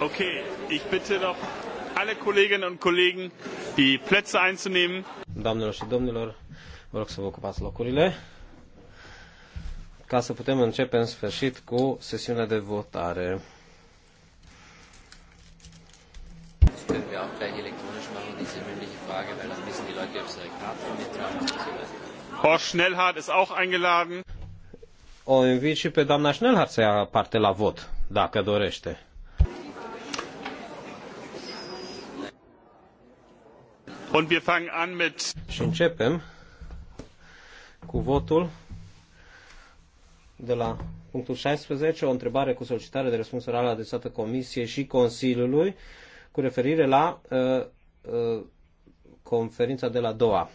Okay, ich bitte noch alle Kolleginnen und Kollegen, die Plätze einzunehmen. Doamnelor și domnilor, vă rog să vă ocupați locurile ca să putem începe în sfârșit cu sesiunea de votare. Horst Schnellhardt ist auch eingeladen. O invit și pe doamna Schnellhardt să ia parte la vot, dacă dorește. Și începem cu votul de la punctul 16, o întrebare cu solicitare de răspuns oral adresată Comisiei și Consiliului cu referire la uh, uh, conferința de la doua,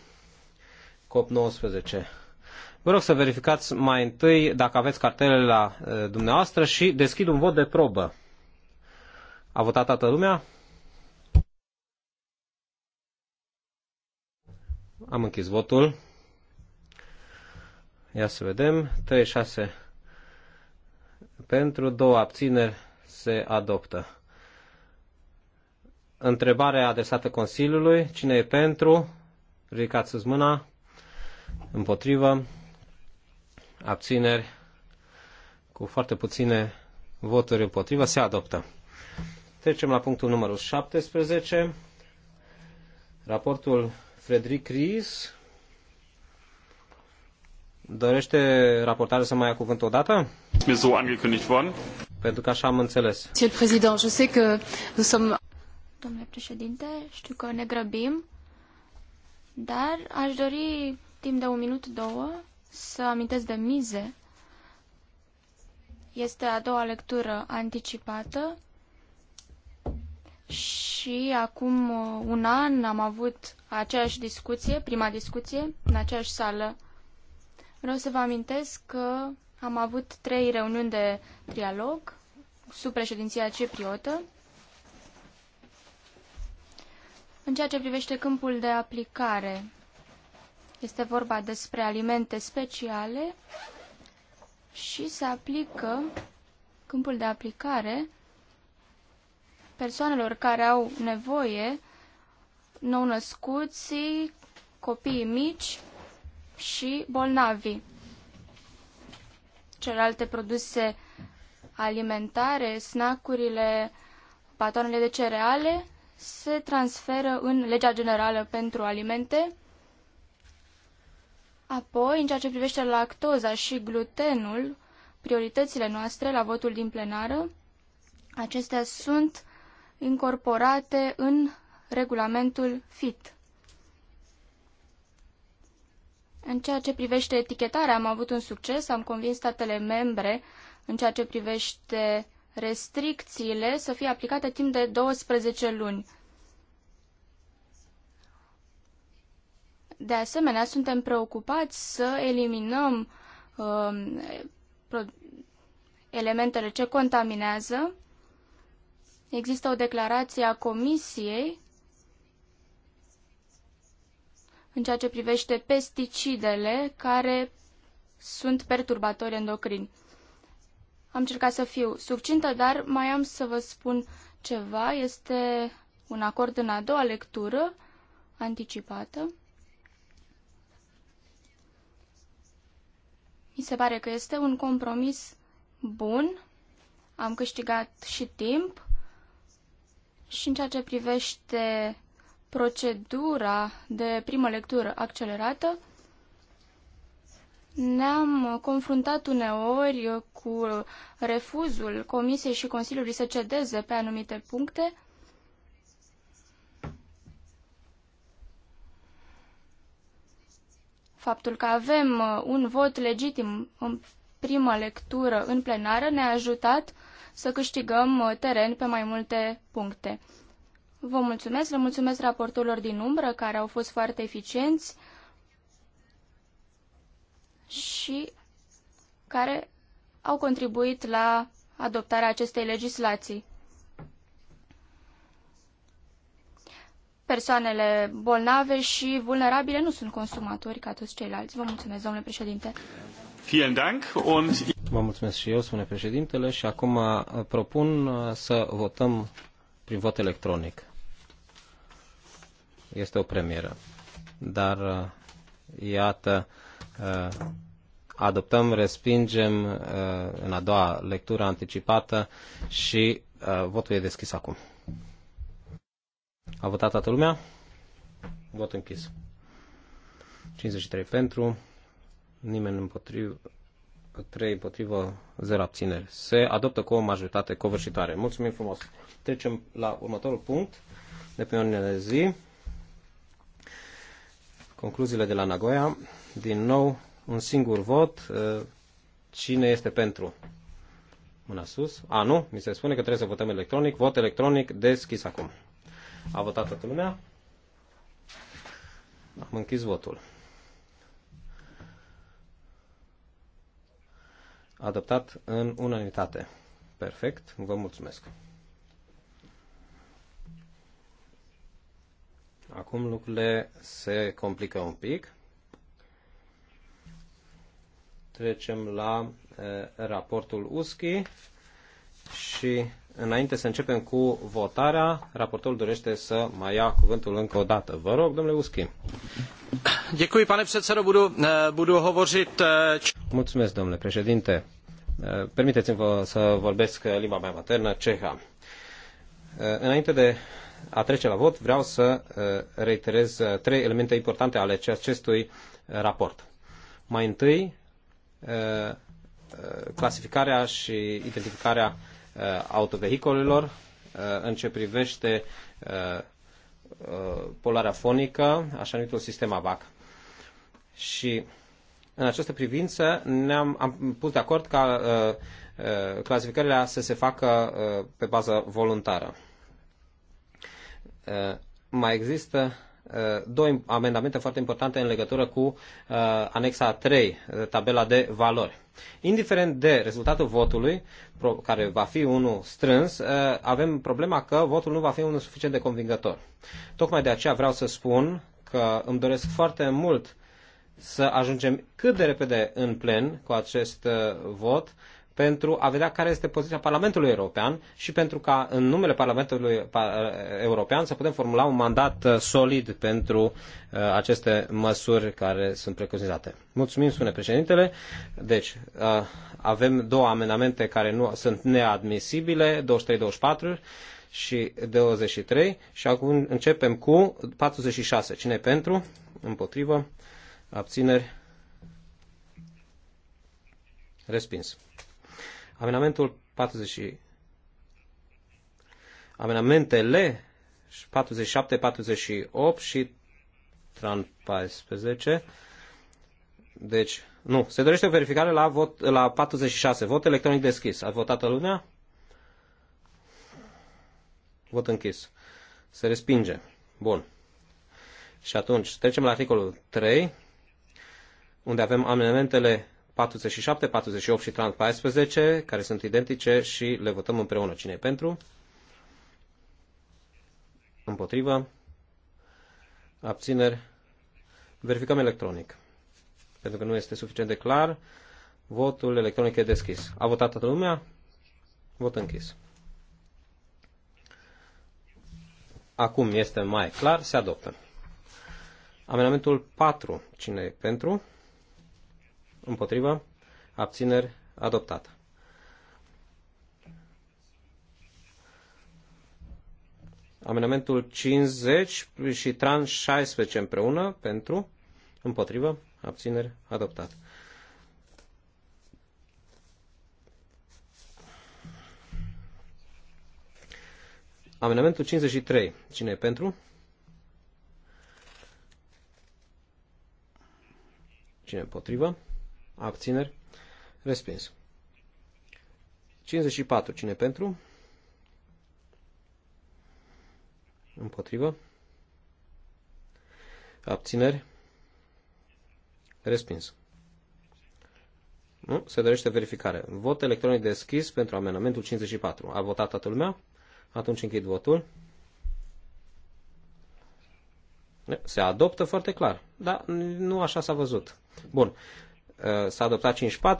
COP19. Vă rog să verificați mai întâi dacă aveți cartelele la uh, dumneavoastră și deschid un vot de probă. A votat toată lumea? Am închis votul. Ia să vedem. 36 pentru, două abțineri se adoptă. Întrebarea adresată Consiliului. Cine e pentru? Ridicați sus mâna. Împotrivă. Abțineri. Cu foarte puține voturi împotrivă se adoptă. Trecem la punctul numărul 17. Raportul Frederic Ries dorește raportarea să mai ia cuvânt o dată? Pentru că așa am înțeles. Domnule președinte, știu că ne grăbim, dar aș dori timp de un minut, două, să amintesc de mize. Este a doua lectură anticipată și acum uh, un an am avut aceeași discuție, prima discuție, în aceeași sală. Vreau să vă amintesc că am avut trei reuniuni de trialog sub președinția cipriotă. În ceea ce privește câmpul de aplicare, este vorba despre alimente speciale și se aplică câmpul de aplicare persoanelor care au nevoie, nou-născuții, copiii mici și bolnavi. Celelalte produse alimentare, snacurile, patoanele de cereale se transferă în legea generală pentru alimente. Apoi, în ceea ce privește lactoza și glutenul, prioritățile noastre la votul din plenară, acestea sunt incorporate în regulamentul FIT. În ceea ce privește etichetarea, am avut un succes, am convins statele membre în ceea ce privește restricțiile să fie aplicate timp de 12 luni. De asemenea, suntem preocupați să eliminăm uh, elementele ce contaminează Există o declarație a Comisiei în ceea ce privește pesticidele care sunt perturbatori endocrini. Am încercat să fiu succintă, dar mai am să vă spun ceva. Este un acord în a doua lectură anticipată. Mi se pare că este un compromis bun. Am câștigat și timp. Și în ceea ce privește procedura de primă lectură accelerată, ne-am confruntat uneori cu refuzul Comisiei și Consiliului să cedeze pe anumite puncte. Faptul că avem un vot legitim în primă lectură în plenară ne-a ajutat uh, să câștigăm uh, teren pe mai multe puncte. Vă mulțumesc, le mulțumesc raportorilor din umbră care au fost foarte eficienți și care au contribuit la adoptarea acestei legislații. Persoanele bolnave și vulnerabile nu sunt consumatori ca toți ceilalți. Vă mulțumesc, domnule președinte. Vielen Dank und Vă mulțumesc și eu, spune președintele, și acum uh, propun uh, să votăm prin vot electronic. Este o premieră. Dar, uh, iată, adoptăm, respingem în a doua lectură anticipată și votul e deschis acum. A votat toată lumea? Vot închis. 53 pentru, nimeni împotrivă, 3 împotrivă, 0 abțineri. Se adoptă cu o majoritate covârșitoare. Mulțumim frumos. Trecem la următorul punct de pe ordinea de zi. Concluziile de la Nagoya. Din nou, un singur vot. Uh, Cine este pentru? Mâna sus. A, nu. Mi se spune că trebuie să votăm electronic. Vot electronic deschis acum. A votat toată lumea. Am închis votul. Adoptat în unanimitate. Perfect, vă mulțumesc. Acum lucrurile se complică un pic. Trecem la e, eh, raportul USCHI și înainte să începem cu votarea, raportorul dorește să mai ia cuvântul încă o dată. Vă rog, domnule Uschi. Děkuji, pane předsedo, budu, eh, budu hovořit... Eh, Mulțumesc, domnule președinte. Permiteți-mi să vorbesc limba mea maternă, ceha. Înainte de a trece la vot, vreau să uh, reiterez uh, trei elemente importante ale acestui uh, raport. Mai întâi, clasificarea și identificarea autovehicolelor în ce privește polarea fonică, așa numitul sistem AVAC. Și în această privință ne-am am pus de acord ca uh, uh, clasificările să se facă uh, pe bază voluntară. Uh, mai există uh, două amendamente foarte importante în legătură cu uh, anexa 3, uh, tabela de valori. Indiferent de rezultatul votului, care va fi unul strâns, uh, avem problema că votul nu va fi unul suficient de convingător. Tocmai de aceea vreau să spun că îmi doresc foarte mult să ajungem cât de repede în plen cu acest uh, vot pentru a vedea care este poziția Parlamentului European și pentru ca în numele Parlamentului uh, European să putem formula un mandat uh, solid pentru aceste măsuri care sunt preconizate. Mulțumim, spune președintele. Deci, avem două amendamente care nu sunt neadmisibile, 23-24 și 23 și acum începem cu 46. Cine pentru? Împotrivă? abțineri, respins. Amendamentul 40. Amendamentele 47, 48 și 14. Deci, nu, se dorește o verificare la, vot, la 46. Vot electronic deschis. A votat lumea? Vot închis. Se respinge. Bun. Și atunci, trecem la articolul 3 unde avem amendamentele 47, 48 și 314, care sunt identice și le votăm împreună. Cine e pentru? Împotrivă? Abțineri? Verificăm electronic. Pentru că nu este suficient de clar, votul electronic e deschis. A votat toată lumea? Vot închis. Acum este mai clar, se adoptă. Amendamentul 4. Cine e pentru? împotrivă, abțineri, adoptat. Amendamentul 50 și trans 16 împreună, pentru, împotrivă, abțineri, adoptat. Amendamentul 53. Cine e pentru? Cine împotrivă? Abțineri. Respins. 54. Cine pentru? Împotrivă. Abțineri. Respins. Nu? Se dorește verificare. Vot electronic deschis pentru amenamentul 54. A votat toată lumea? Atunci închid votul. Se adoptă foarte clar. Dar nu așa s-a văzut. Bun. Uh, s-a adoptat 5-4,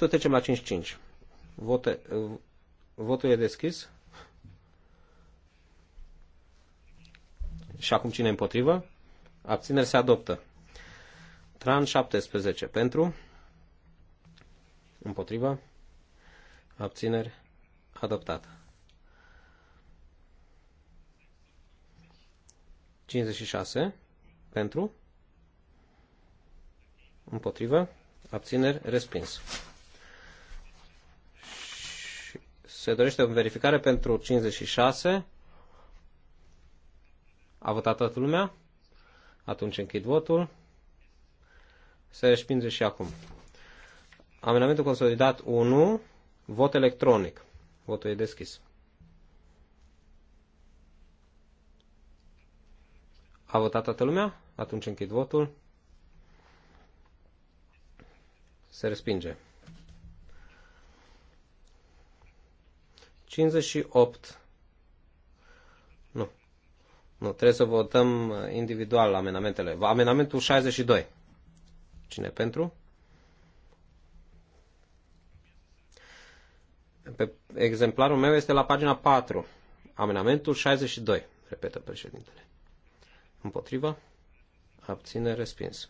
trecem la 5-5. Vote, uh, votul e deschis. Și acum cine împotrivă? Abțineri se adoptă. Tran 17 pentru. Împotrivă. Abțineri adoptat. 56 pentru. Împotrivă abțineri, respins. Și se dorește o verificare pentru 56. A votat toată lumea? Atunci închid votul. Se respinge și acum. Amendamentul consolidat 1, vot electronic. Votul e deschis. A votat toată lumea? Atunci închid votul. Se respinge. 58. Nu. Nu, trebuie să votăm uh, individual amenamentele. Amenamentul 62. Cine pentru? Pe exemplarul meu este la pagina 4. Amenamentul 62, repetă președintele. Împotriva? Abține respins.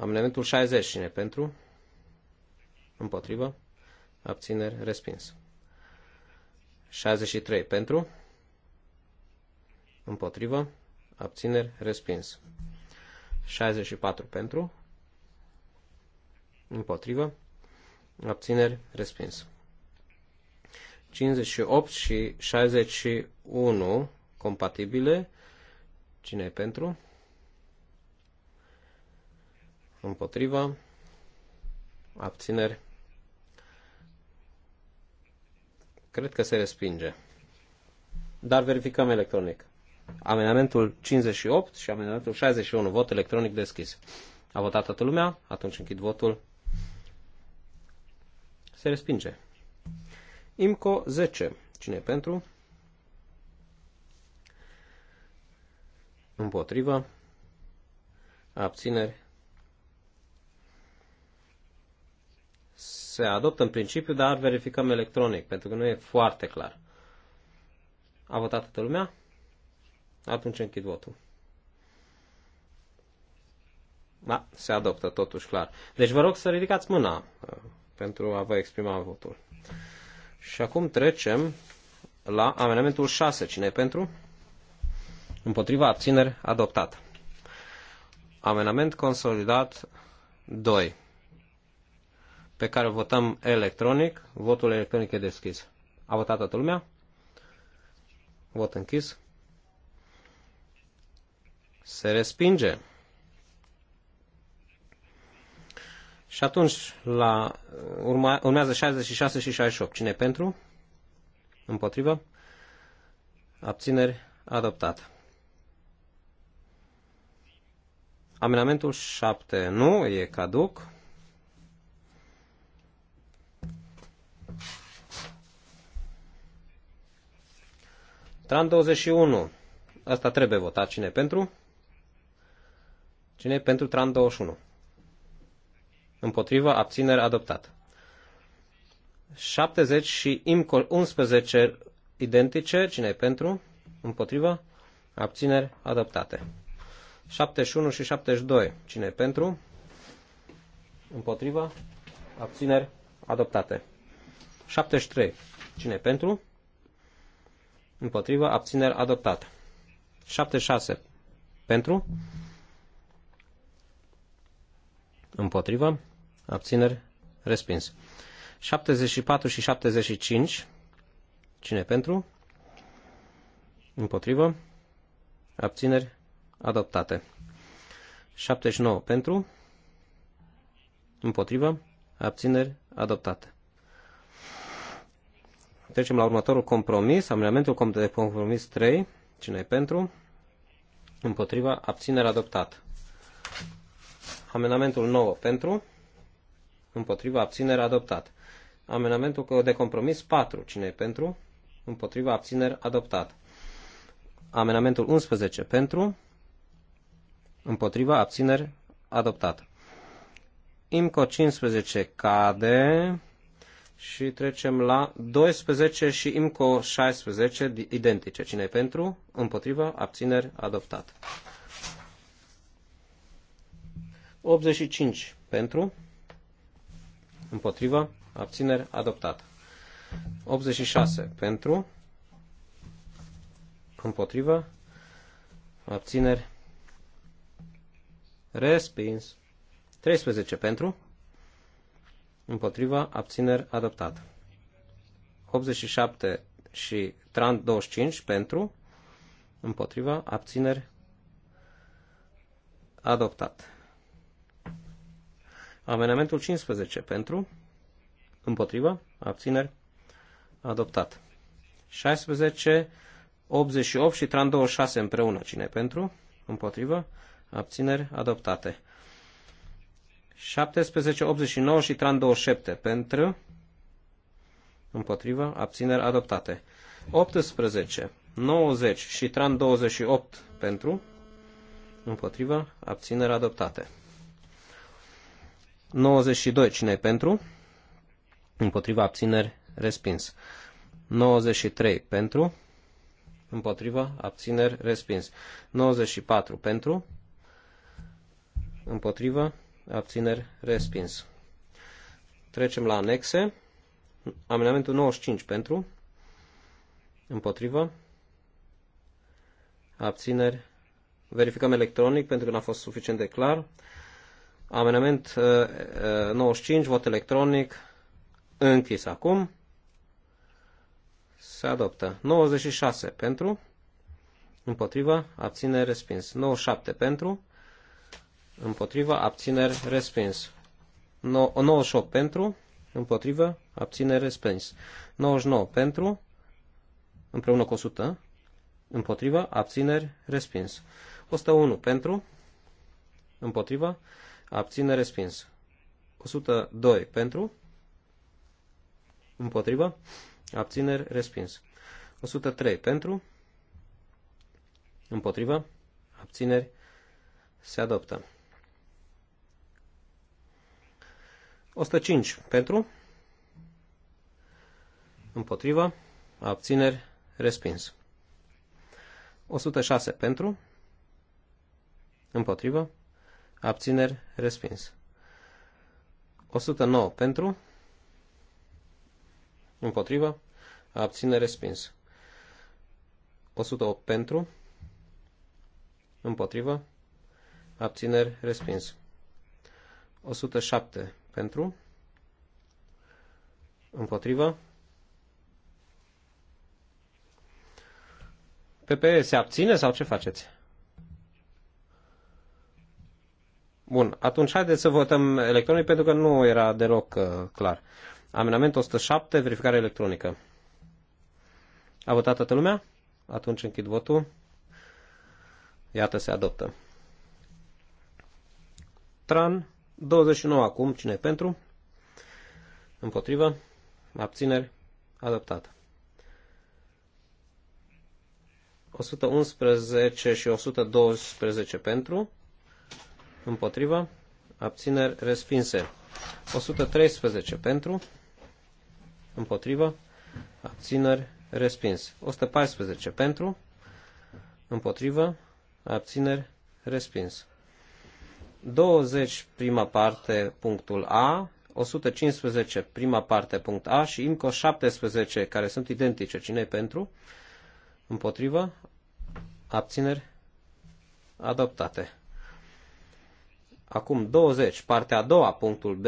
Amendamentul 60, cine pentru? Împotrivă. Abțineri, respins. 63, pentru? Împotrivă. Abțineri, respins. 64, pentru? Împotrivă. Abțineri, respins. 58 și 61 compatibile. Cine e pentru? împotriva, abțineri, cred că se respinge. Dar verificăm electronic. Amendamentul 58 și amendamentul 61, vot electronic deschis. A votat toată lumea, atunci închid votul. Se respinge. IMCO 10. Cine e pentru? Împotrivă. Abțineri. se adoptă în principiu, dar verificăm electronic, pentru că nu e foarte clar. A votat toată lumea? Atunci închid votul. Da, se adoptă totuși clar. Deci vă rog să ridicați mâna uh, pentru a vă exprima votul. Și acum trecem la amendamentul 6. Cine e pentru? Împotriva abțineri adoptat. Amendament consolidat 2 pe care o votăm electronic. Votul electronic e deschis. A votat toată lumea? Vot închis. Se respinge. Și atunci la, urma, urmează 66 și 68. Cine pentru? Împotrivă? Abțineri? Adoptat. Amenamentul 7 nu, e caduc. Tran 21. Asta trebuie votat. Cine pentru? Cine pentru Tran 21? Împotrivă, abținere, adoptat. 70 și IMCO 11 identice. Cine pentru? Împotrivă, abțineri, adoptate. 71 și 72. Cine pentru? Împotrivă, abțineri, adoptate. 73. Cine pentru? Împotrivă. Abțineri. Adoptat. 76. Pentru. Împotrivă. Abțineri. Respins. 74 și 75. Cine pentru? Împotrivă. Abțineri. Adoptate. 79 pentru. Împotrivă. Abțineri. Adoptate. Trecem la următorul compromis, amendamentul de compromis 3. Cine e pentru? Împotriva, abținere adoptat. Amendamentul 9 pentru, împotriva, abținere adoptat. Amendamentul de compromis 4. Cine e pentru? Împotriva, abținere adoptat. Amendamentul 11 pentru, împotriva, abținere adoptat. IMCO 15 cade, și trecem la 12 și IMCO 16, identice. cine e pentru? Împotriva, abțineri, adoptat. 85 pentru, împotriva, abțineri, adoptat. 86 pentru, împotriva, abțineri, respins. 13 pentru, împotriva, abțineri, adoptat. 87 și tran 25 pentru, împotriva, abțineri, adoptat. Amenamentul 15 pentru, împotriva, abțineri, adoptat. 16, 88 și tran 26 împreună, cine pentru, împotriva, abțineri, adoptate. 17, 89 și tran 27 pentru, împotrivă, abțineri adoptate. 18, 90 și tran 28 pentru, împotrivă, abțineri adoptate. 92, cine e pentru? Împotriva abțineri, respins. 93 pentru, împotriva abțineri, respins. 94 pentru, împotriva abțineri, respins. Trecem la anexe. Amendamentul 95 pentru, împotrivă, abțineri, verificăm electronic pentru că n-a fost suficient de clar. Amendament 95, uh, uh, vot electronic, închis acum. Se adoptă. 96 pentru, împotrivă, Abțineri respins. 97 pentru, împotrivă, abțineri, respins. No, 98 pentru, împotrivă, abțineri, respins. 99 pentru, împreună cu 100, împotrivă, abțineri, respins. 101 pentru, împotrivă, abțineri, respins. 102 pentru, împotrivă, abțineri, respins. 103 pentru, împotrivă, abțineri, se adoptă. 105 pentru, împotriva, abțineri, respins. 106 pentru, împotriva, abțineri, respins. 109 pentru, împotriva, abțineri, respins. 108 pentru, împotriva, abțineri, respins. 107 pentru, împotrivă. PPE se abține sau ce faceți? Bun, atunci haideți să votăm electronic pentru că nu era deloc uh, clar. Amendament 107, verificare electronică. A votat toată lumea? Atunci închid votul. Iată, se adoptă. Tran 29 acum, cine pentru? Împotrivă? Abțineri? Adoptată. 111 și 112 pentru, Împotrivă? abțineri respinse. 113 pentru, Împotrivă? abțineri respins. 114 pentru, Împotrivă? abțineri respins. 20 prima parte punctul A, 115 prima parte punct A și IMCO 17 care sunt identice. cine pentru? Împotrivă? Abțineri? Adoptate. Acum 20 partea a doua punctul B,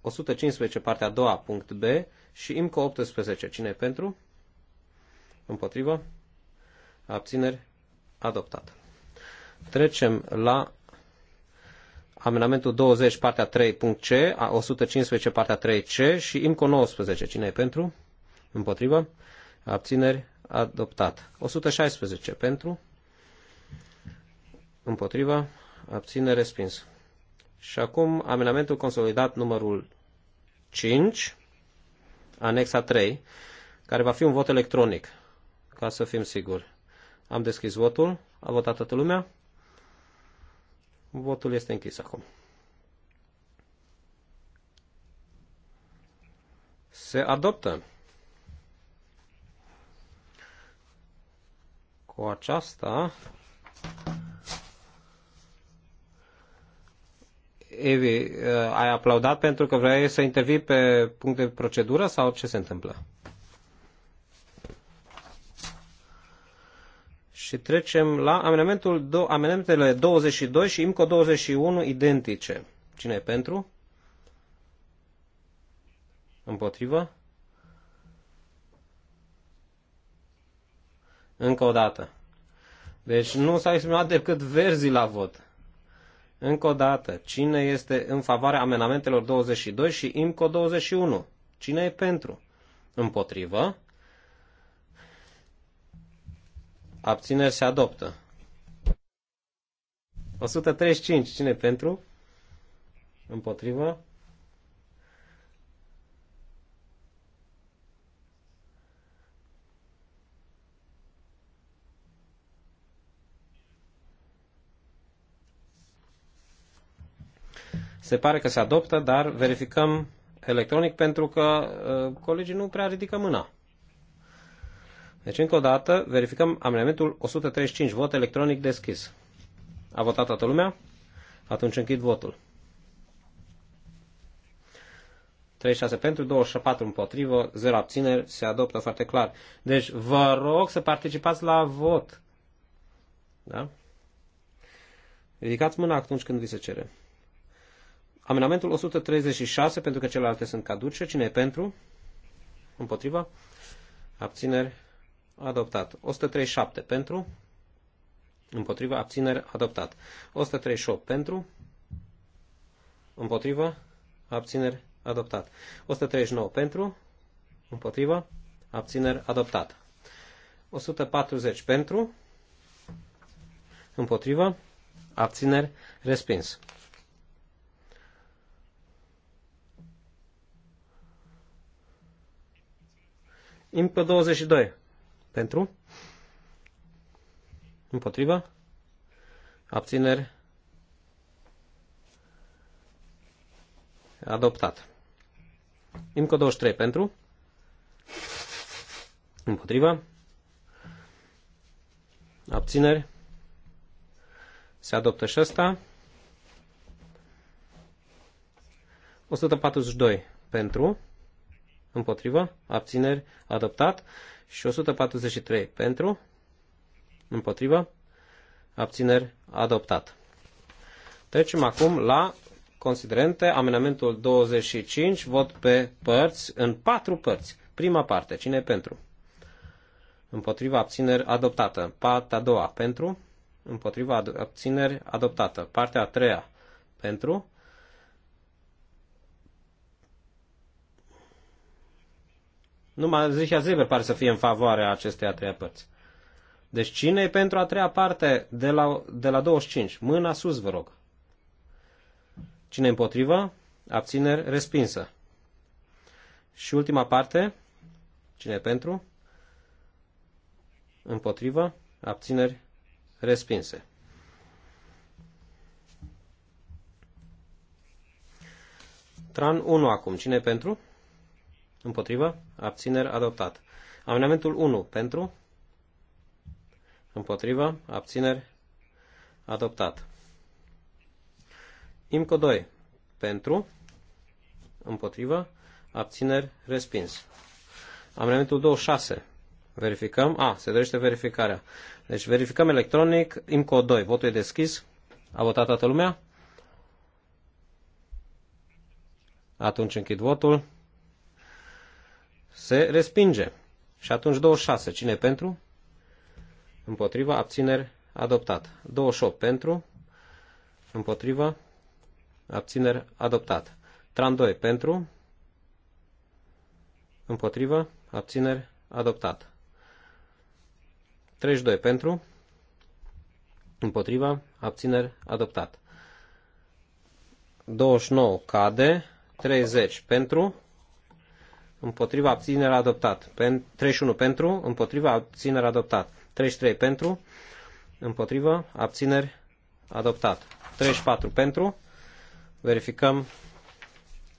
115 partea a doua punct B și IMCO 18. cine pentru? Împotrivă? Abțineri? Adoptat. Trecem la amendamentul 20, partea 3, punct C, 115, partea 3C și IMCO 19. Cine e pentru? Împotrivă? Abțineri? Adoptat. 116 pentru? Împotrivă? Abținere respins. Și acum amendamentul consolidat numărul 5, anexa 3, care va fi un vot electronic, ca să fim siguri. Am deschis votul, a votat toată lumea, Votul este închis acum. Se adoptă. Cu aceasta Evi, uh, ai aplaudat pentru că vrei să intervii pe punct de procedură sau ce se întâmplă? Și trecem la amendamentul do, amendamentele 22 și IMCO 21 identice. Cine e pentru? Împotrivă? Încă o dată. Deci nu s-a exprimat decât verzii la vot. Încă o dată, cine este în favoarea amenamentelor 22 și IMCO 21? Cine e pentru? Împotrivă? Abțineri se adoptă. 135. Cine pentru? Împotrivă. Se pare că se adoptă, dar verificăm electronic pentru că uh, colegii nu prea ridică mâna. Deci, încă o dată, verificăm amendamentul 135, vot electronic deschis. A votat toată lumea? Atunci închid votul. 36 pentru, 24 împotrivă, 0 abțineri, se adoptă foarte clar. Deci vă rog să participați la vot. Da? Ridicați mâna atunci când vi se cere. Amendamentul 136, pentru că celelalte sunt caduce. Cine e pentru? Împotriva? Abțineri? adoptat. 137 pentru, împotriva, abțineri, adoptat. 138 pentru, împotriva, abțineri, adoptat. 139 pentru, împotriva, abțineri, adoptat. 140 pentru, împotriva, abțineri, respins. Impă 22 pentru, împotriva, abțineri, adoptat. IMCO 23 pentru, împotriva, abțineri, se adoptă și ăsta. 142 pentru, împotrivă, abțineri, adoptat și 143 pentru, împotrivă, abțineri adoptat. Trecem acum la considerente, amenamentul 25, vot pe părți, în patru părți. Prima parte, cine pentru? Împotriva abțineri adoptată. Partea a doua, pentru? Împotriva abțineri adoptată. Partea a treia, pentru? Numai 10 Zeber pare să fie în favoarea acestei a treia părți. Deci cine e pentru a treia parte de la, de la 25? Mâna sus, vă rog. Cine împotrivă? Abțineri respinsă. Și ultima parte. Cine pentru? Împotrivă? Abțineri respinse. Tran 1 acum. Cine pentru? Împotrivă? Abțineri adoptat. Amendamentul 1 pentru? Împotrivă? Abțineri adoptat. IMCO 2 pentru? Împotrivă? Abțineri respins. Amendamentul 26. Verificăm. A, se dorește verificarea. Deci verificăm electronic. IMCO 2. Votul e deschis. A votat toată lumea? Atunci închid votul se respinge. Și atunci 26. Cine pentru? Împotriva, abțineri, adoptat. 28 pentru, împotriva, abțineri, adoptat. 32 2 pentru, împotriva, abțineri, adoptat. 32 pentru, împotriva, abțineri, adoptat. 29 cade, 30 pentru, împotriva abținere adoptat. Pen, 31 pentru, împotriva abținere adoptat. 33 pentru, împotriva abțineri adoptat. 34 pentru, verificăm,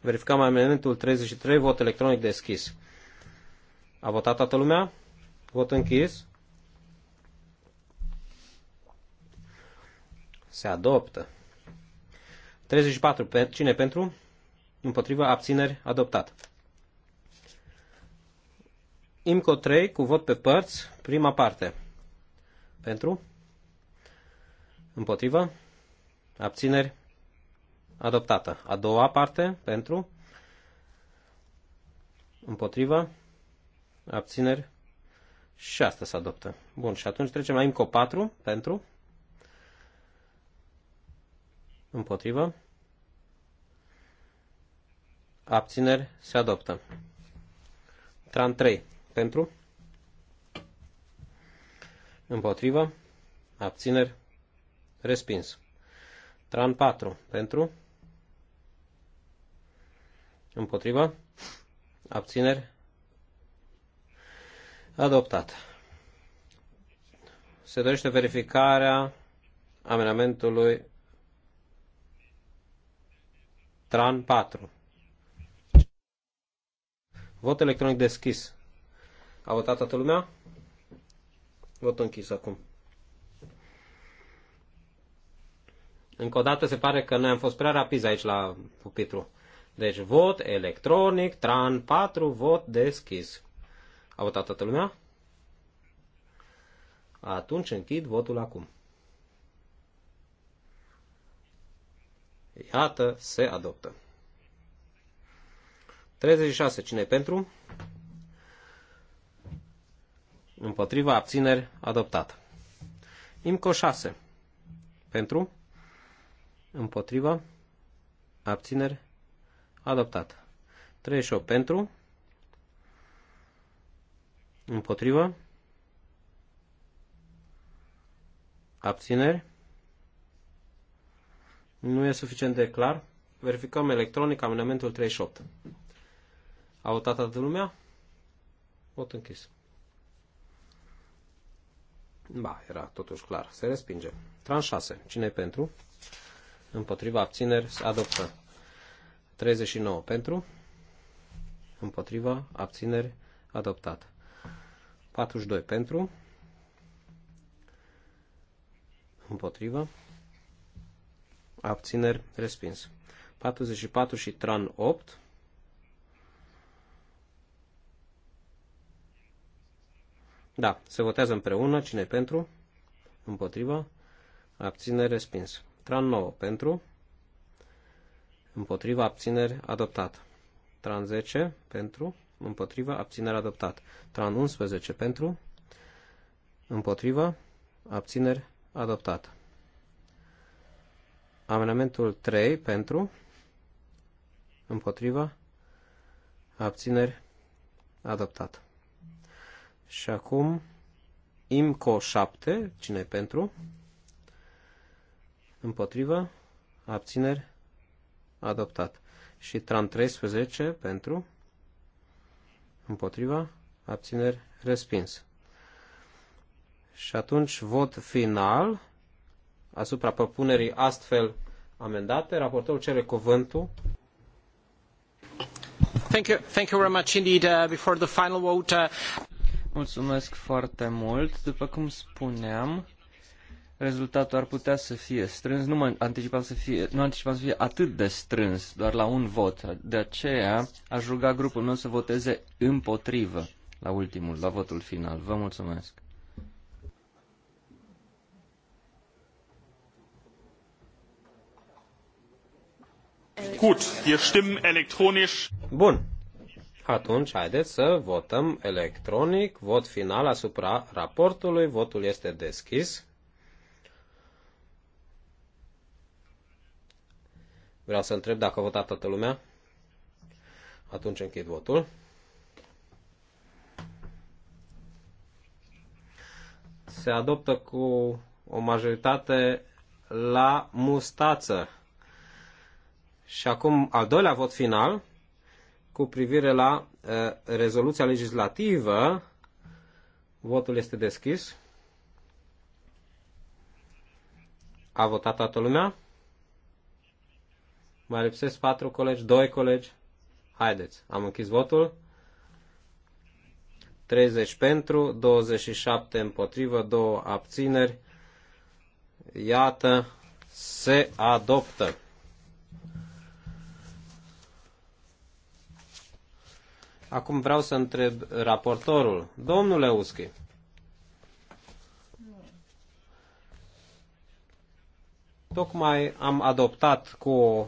verificăm amendamentul 33, vot electronic deschis. A votat toată lumea? Vot închis. Se adoptă. 34 pe, cine pentru? Împotriva abțineri adoptat. IMCO 3 cu vot pe părți, prima parte. Pentru? Împotrivă? Abțineri? Adoptată. A doua parte, pentru? Împotrivă? Abțineri? Și asta se adoptă. Bun, și atunci trecem la IMCO 4, pentru? Împotrivă? Abțineri? Se adoptă. Tran 3 pentru, împotriva, abțineri, respins. Tran 4 pentru, împotriva, abțineri, adoptat. Se dorește verificarea amenamentului Tran 4. Vot electronic deschis. A votat toată lumea? Vot închis acum. Încă o dată se pare că noi am fost prea rapizi aici la pupitru. Deci vot electronic, tran 4, vot deschis. A votat toată lumea? Atunci închid votul acum. Iată, se adoptă. 36. Cine pentru? Împotriva abțineri adoptat. IMCO 6. Pentru. Împotriva. Abțineri. Adoptat. 38 pentru. Împotriva. Abțineri. Nu e suficient de clar. Verificăm electronic amendamentul 38. A votat toată lumea? Vot închis. Ba, era totuși clar. Se respinge. Tran 6. Cine pentru? Împotriva abțineri se adoptă. 39 pentru. Împotriva abțineri adoptat. 42 pentru. Împotriva. Abțineri respins. 44 și Tran 8 Da, se votează împreună. cine pentru? Împotriva. Abținere, respins. Tran 9 pentru. Împotriva abțineri adoptat. Tran 10 pentru. Împotriva abțineri adoptat. Tran 11 pentru. Împotriva abțineri adoptat. Amendamentul 3 pentru. Împotriva abțineri adoptat. Și acum IMCO 7, cine pentru? Împotrivă, abțineri, adoptat. Și TRAN 13 pentru, împotriva, abțineri, respins. Și atunci vot final asupra propunerii astfel amendate. Raportorul cere cuvântul. Thank you, thank you very much indeed uh, before the final vote. Uh... Mulțumesc foarte mult. După cum spuneam, rezultatul ar putea să fie strâns, nu anticipam să fie, nu anticipam să fie atât de strâns, doar la un vot. De aceea aș ruga grupul meu să voteze împotrivă la ultimul, la votul final. Vă mulțumesc. Gut, wir stimmen elektronisch. Bun. Atunci, haideți să votăm electronic, vot final asupra raportului, votul este deschis. Vreau să întreb dacă a votat toată lumea. Atunci închid votul. Se adoptă cu o majoritate la mustață. Și acum al doilea vot final cu privire la uh, rezoluția legislativă. Votul este deschis. A votat toată lumea? Mai lipsesc patru colegi, doi colegi. Haideți, am închis votul. 30 pentru, 27 împotrivă, 2 abțineri. Iată, se adoptă. Acum vreau să întreb raportorul. Domnule Uschi. Tocmai am adoptat cu o,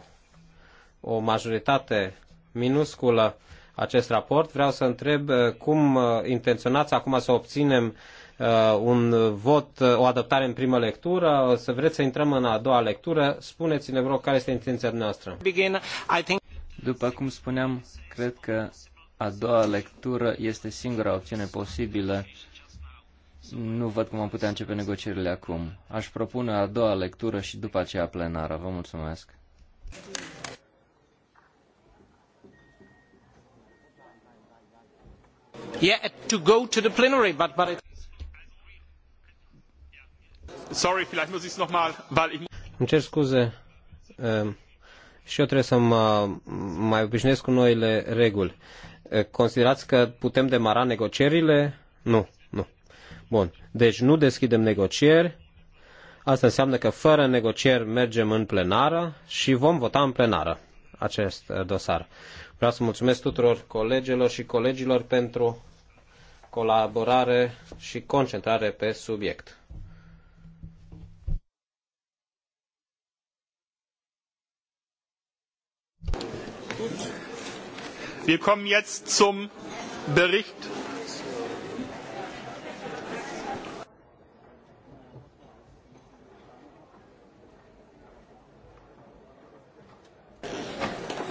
o majoritate minusculă acest raport. Vreau să întreb uh, cum uh, intenționați acum să obținem uh, un vot, o adoptare în primă lectură, să vreți să intrăm în a doua lectură. Spuneți-ne, vă rog, care este intenția noastră. După cum spuneam, cred că a doua lectură este singura opțiune posibilă. Nu văd cum am putea începe negocierile acum. Aș propune a doua lectură și după aceea plenară. Vă mulțumesc. Yeah, to go to the plenary, but, but it... Sorry, vielleicht muss ich es nochmal, weil ich... Îmi cer scuze. Uh, și eu trebuie să mă mai obișnuiesc cu noile reguli. Uh, Eh, considerați că putem demara negocierile? Nu, nu. Bun. Deci nu deschidem negocieri. Asta înseamnă că fără negocieri mergem în plenară și vom vota în plenară acest eh, dosar. Vreau să mulțumesc tuturor colegilor și colegilor pentru colaborare și concentrare pe subiect. Wir kommen jetzt zum Bericht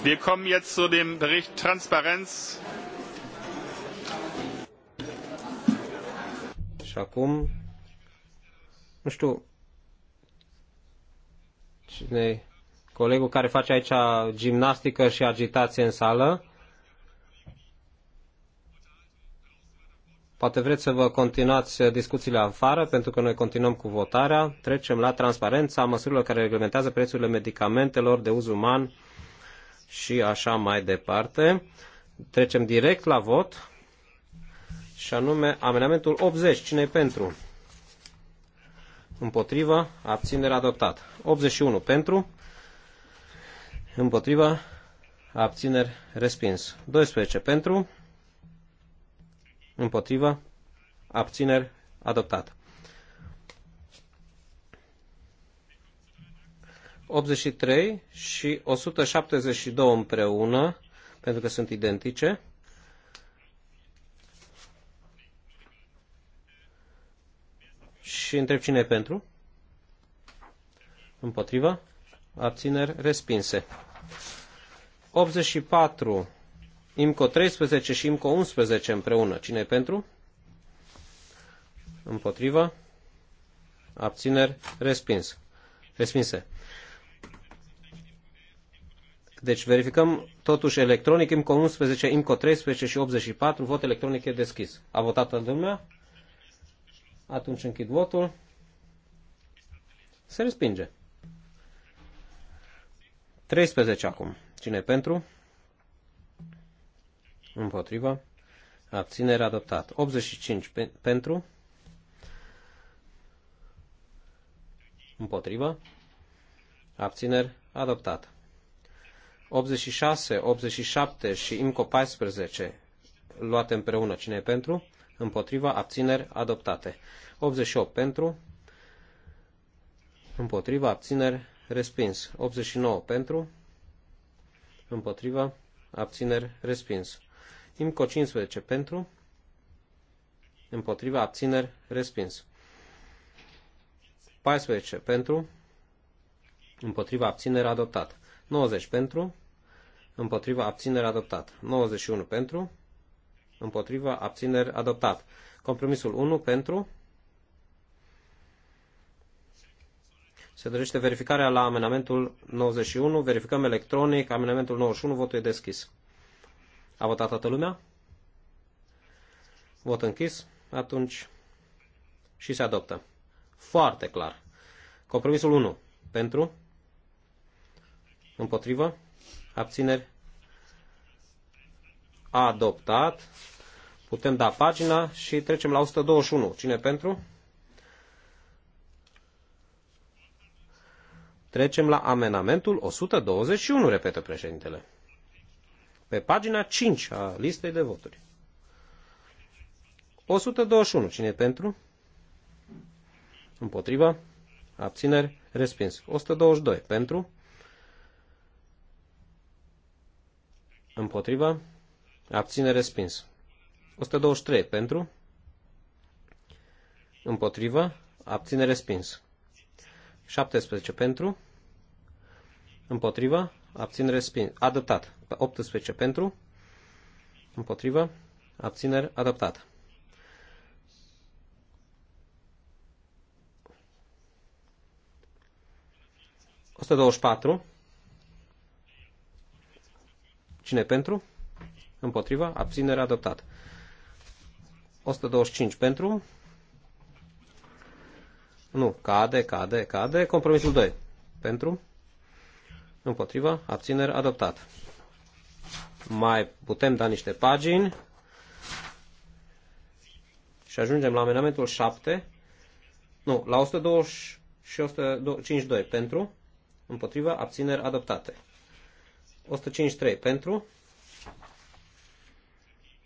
Wir kommen jetzt zu dem Bericht Transparenz. Și acum, nu știu, cine, colegul care face aici gimnastică și agitație în sală, Poate vreți să vă continuați discuțiile afară, pentru că noi continuăm cu votarea. Trecem la transparența măsurilor care reglementează prețurile medicamentelor de uz uman și așa mai departe. Trecem direct la vot și anume amendamentul 80. cine e pentru? Împotrivă, abținere adoptat. 81 pentru, împotrivă, abțineri respins. 12 pentru, Împotrivă. Abțineri. Adoptat. 83 și 172 împreună, pentru că sunt identice. Și întreb cine e pentru? Împotrivă? Abțineri respinse. 84 IMCO 13 și IMCO 11 împreună. cine e pentru? Împotrivă? Abțineri? Respins. Respinse. Deci verificăm totuși electronic IMCO 11, IMCO 13 și 84. Vot electronic e deschis. A votat în lumea? Atunci închid votul. Se respinge. 13 acum. Cine e pentru? împotrivă, abținere adoptat. 85 pe, pentru, împotrivă, abțineri adoptat. 86, 87 și INCO 14 luate împreună. Cine e pentru? Împotriva, abțineri adoptate. 88 pentru, împotriva, abțineri respins. 89 pentru, împotriva, abțineri respins. IMCO 15 pentru, împotriva abțineri respins. 14 pentru, împotriva abțineri adoptat. 90 pentru, împotriva abțineri adoptat. 91 pentru, împotriva abțineri adoptat. Compromisul 1 pentru, Se dorește verificarea la amenamentul 91. Verificăm electronic. Amenamentul 91. Votul e deschis. A votat toată lumea? Vot închis. Atunci și se adoptă. Foarte clar. Compromisul 1. Pentru? Împotrivă? Abțineri? Adoptat. Putem da pagina și trecem la 121. Cine pentru? Trecem la amenamentul 121, repetă președintele pe pagina 5 a listei de voturi. 121. Cine e pentru? Împotriva? Abțineri? Respins. 122. Pentru? Împotriva? Abțineri? Respins. 123. Pentru? Împotriva? Abțineri? Respins. 17. Pentru? Împotriva? Abțineri? Respins. Adoptat. 18 pentru, împotrivă, abțineri, adoptată. Osta 24. Cine pentru? Împotriva? Abținere adoptată. 125 pentru. Nu, cade, cade, cade. Compromisul 2. Pentru. Împotriva? Abținere adoptată mai putem da niște pagini și ajungem la amenamentul 7, nu, la 120 și 152 pentru, împotriva, abțineri adoptate. 153 pentru,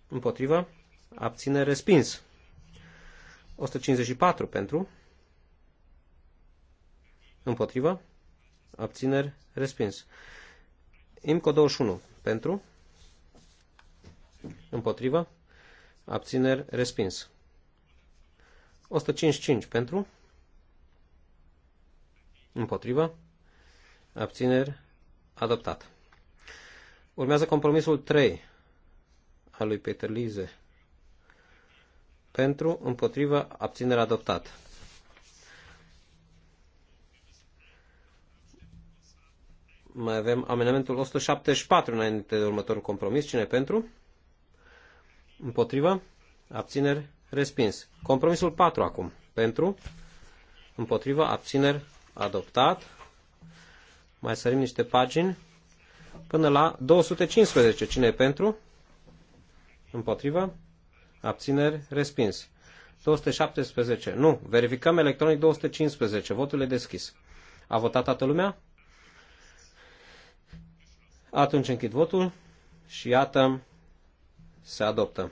împotriva, abțineri respins. 154 pentru, împotriva, abțineri respins. IMCO 21 pentru, Împotrivă. Abțineri respins. 155 pentru. Împotrivă. Abțineri adoptat. Urmează compromisul 3 al lui Peter Lize. Pentru, împotrivă, abținere adoptat. Mai avem amendamentul 174 înainte de următorul compromis. Cine pentru? Împotrivă? Abțineri? Respins. Compromisul 4 acum. Pentru? Împotrivă? Abțineri? Adoptat. Mai sărim niște pagini până la 215. Cine e pentru? Împotrivă? Abțineri? Respins. 217. Nu. Verificăm electronic 215. Votul e deschis. A votat toată lumea? Atunci închid votul și iată se adoptă.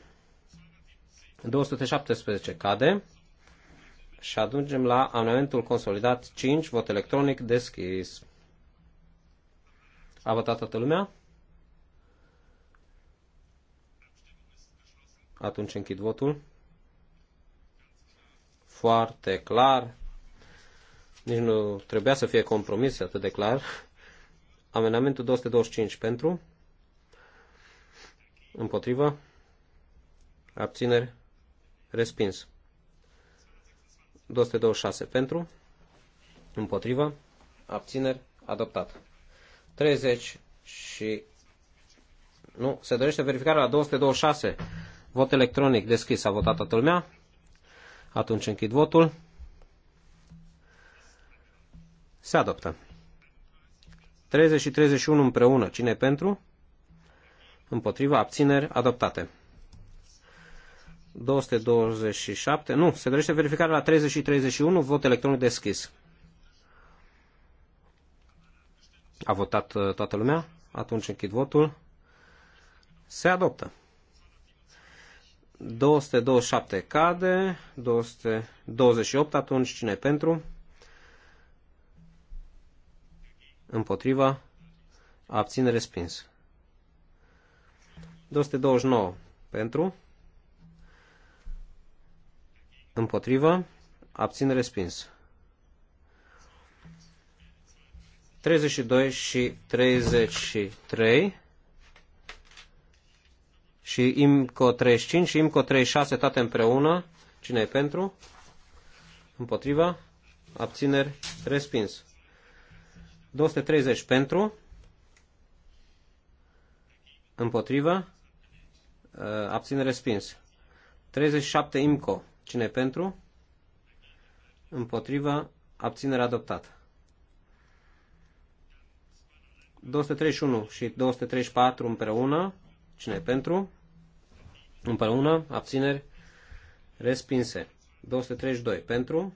217 cade și ajungem la amendamentul consolidat 5, vot electronic deschis. A votat toată lumea? Atunci închid votul. Foarte clar. Nici nu trebuia să fie compromis atât de clar. Amendamentul 225 pentru. Împotrivă. Abțineri. Respins. 226 pentru. Împotrivă. Abțineri. Adoptat. 30 și... Nu, se dorește verificarea la 226. Vot electronic deschis. A votat toată lumea. Atunci închid votul. Se adoptă. 30 și 31 împreună. Cine pentru? împotriva, abțineri, adoptate. 227, nu, se dorește verificarea la 30 și 31, vot electronic deschis. A votat uh, toată lumea? Atunci închid votul. Se adoptă. 227 cade, 228 atunci cine pentru? Împotriva, abține respins. 229 pentru, împotrivă, abțin respins. 32 și 33 și IMCO 35 și IMCO 36 toate împreună. Cine e pentru? Împotriva? Abțineri? Respins. 230 pentru? Împotriva? Uh, abține respins. 37 IMCO. Cine pentru? Împotriva, abținere adoptată. 231 și 234 împreună. Cine pentru? Împreună, abțineri, respinse. 232 pentru,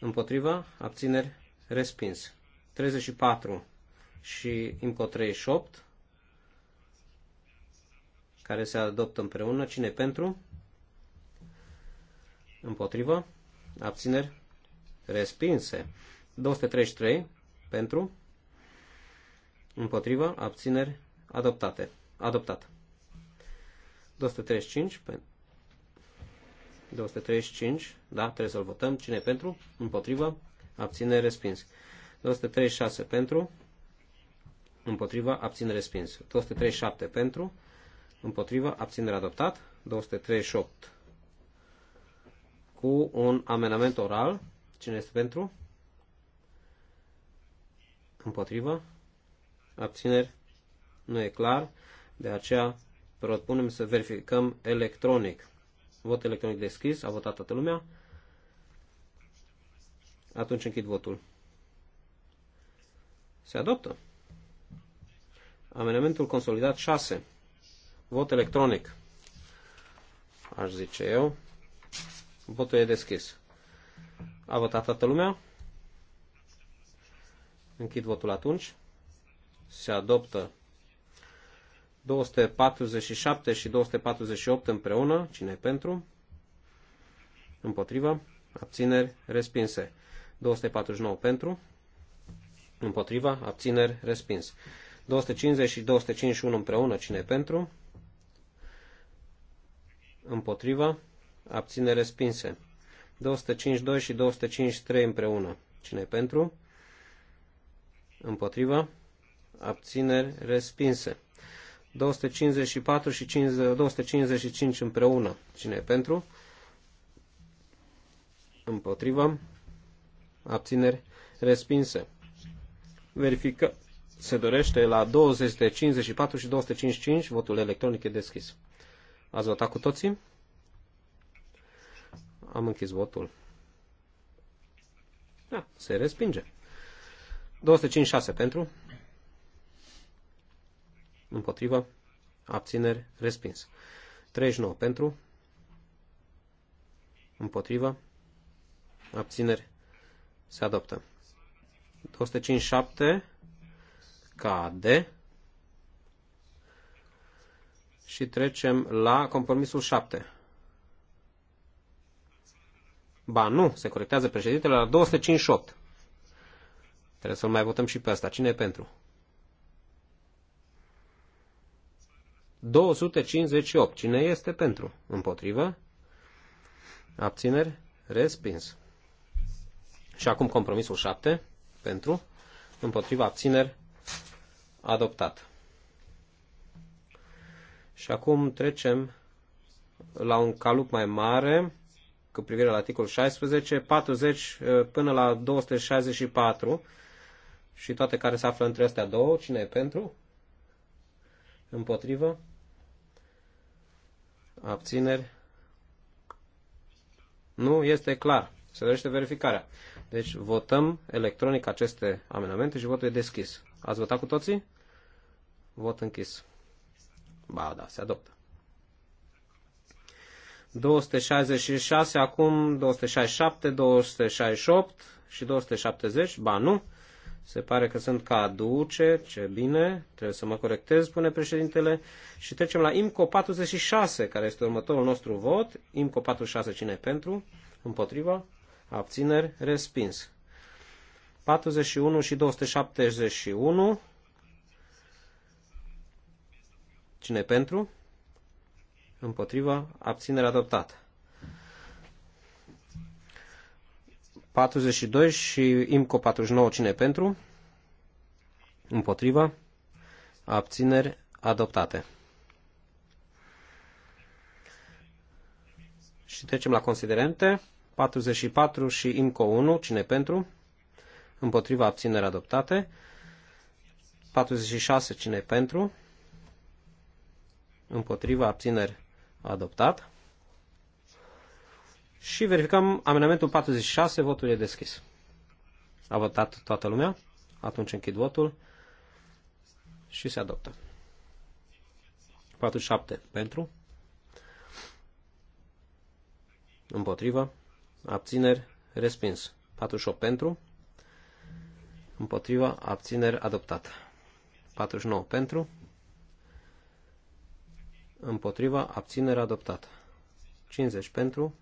împotriva, abțineri, respins. 34 și IMCO 38 care se adoptă împreună. Cine pentru? Împotrivă? Abțineri? Respinse. 233 pentru? Împotrivă? Abțineri? Adoptate. Adoptat. 235 pentru. 235, da, trebuie să-l votăm. Cine pentru? Împotrivă? Abține respins. 236 pentru? Împotriva, abține respins. 237 pentru, împotrivă, abținere adoptat. 238 cu un amenament oral. Cine este pentru? Împotrivă. Abțineri. Nu e clar. De aceea propunem să verificăm electronic. Vot electronic deschis. A votat toată lumea. Atunci închid votul. Se adoptă. Amenamentul consolidat 6. Vot electronic, aș zice eu. Votul e deschis. A votat toată lumea? Închid votul atunci. Se adoptă 247 și 248 împreună. Cine e pentru? Împotrivă. Abțineri respinse. 249 pentru. Împotriva. Abțineri respins. 250 și 251 împreună. Cine e pentru? împotriva, abține respinse. 252 și 253 împreună. Cine pentru? Împotriva? Abțineri respinse. 254 și 50, 255 împreună. Cine pentru? Împotriva? Abțineri respinse. Verifică. Se dorește la 20 de 54 și 255. Votul electronic e deschis. Ați votat cu toții? Am închis votul. Da, se respinge. 256 pentru. Împotrivă. Abțineri. Respins. 39 pentru. Împotrivă. Abțineri. Se adoptă. 257 cade și trecem la compromisul 7. Ba nu, se corectează președintele la 258. Trebuie să-l mai votăm și pe asta. Cine e pentru? 258. Cine este pentru? Împotrivă? Abțineri? Respins. Și acum compromisul 7. Pentru? Împotriva abțineri? Adoptat. Și acum trecem la un calup mai mare, cu privire la articolul 16, 40 eh, până la 264 și toate care se află între astea două, cine e pentru? Împotrivă? Abțineri? Nu, este clar. Se dorește verificarea. Deci votăm electronic aceste amendamente și votul e deschis. Ați votat cu toții? Vot închis. Ba da, se adoptă. 266, acum 267, 268 și 270, ba nu, se pare că sunt caduce, ce bine, trebuie să mă corectez, spune președintele. Și trecem la IMCO 46, care este următorul nostru vot. IMCO 46, cine pentru? Împotriva? Abțineri? Respins. 41 și 271 Cine pentru? Împotriva. Abținere adoptată. 42 și IMCO 49. Cine pentru? Împotriva. Abțineri adoptate. Și trecem la considerente. 44 și IMCO 1. Cine pentru? Împotriva abțineri adoptate. 46. Cine pentru? împotriva abțineri adoptat. Și verificăm amendamentul 46, votul e deschis. A votat toată lumea, atunci închid votul și se adoptă. 47 pentru, împotrivă, abțineri, respins. 48 pentru, împotrivă, abțineri, adoptat. 49 pentru, împotriva, abținere adoptată. 50 pentru,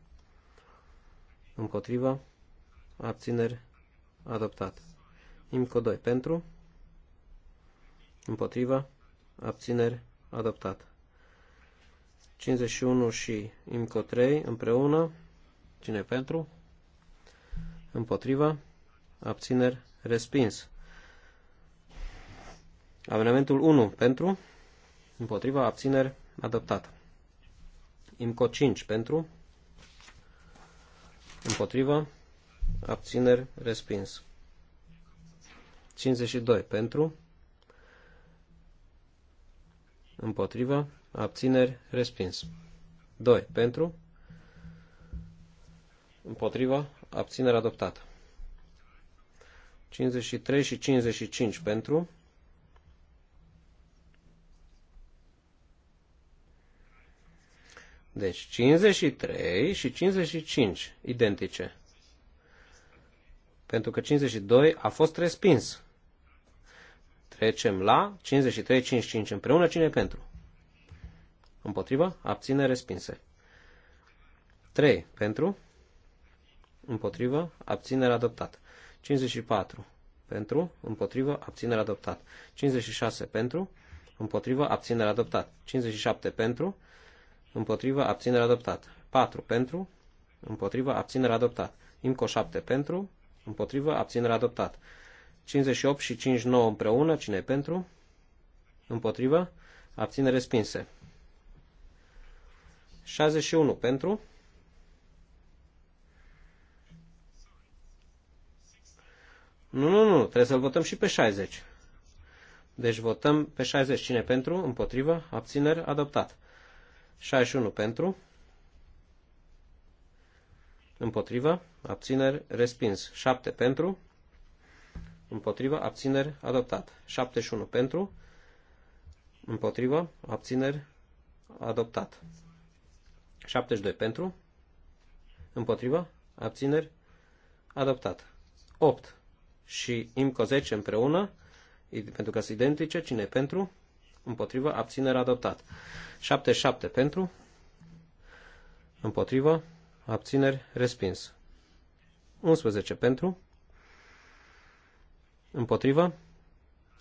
împotriva, abțineri adoptată. IMCO 2 pentru, împotriva, abțineri adoptată. 51 și IMCO 3 împreună, cine pentru, împotriva, abțineri respins. Amendamentul 1 pentru, împotriva, abțineri adoptat. IMCO 5 pentru, împotrivă, abțineri, respins. 52 pentru, împotrivă, abțineri, respins. 2 pentru, împotrivă, abțineri, adoptat. 53 și 55 pentru, Deci 53 și 55 identice. Pentru că 52 a fost respins. Trecem la 53-55 împreună. Cine pentru? Împotrivă? Abține respinse. 3 pentru. Împotrivă? Abținere adoptat. 54 pentru. Împotrivă? Abținere adoptat. 56 pentru. Împotrivă? Abținere adoptat. 57 pentru împotrivă, abținere adoptat. 4 pentru, împotrivă, abținere adoptat. IMCO 7 pentru, împotrivă, abținere adoptat. 58 și 59 împreună, cine e pentru? Împotrivă, abținere respinse. 61 pentru. 60. Nu, nu, nu, trebuie să-l votăm și pe 60. Deci votăm pe 60. Cine pentru? Împotrivă? Abțineri? Adoptat. 61 pentru, Împotrivă. abțineri, respins. 7 pentru, Împotrivă. abțineri, adoptat. 71 pentru, Împotrivă. abțineri, adoptat. 72 pentru, Împotrivă. abțineri, adoptat. 8 și IMCO 10 împreună, pentru că sunt identice, cine e pentru, împotrivă, abținere adoptat. 77 pentru, împotrivă, abțineri, respins. 11 pentru, împotrivă,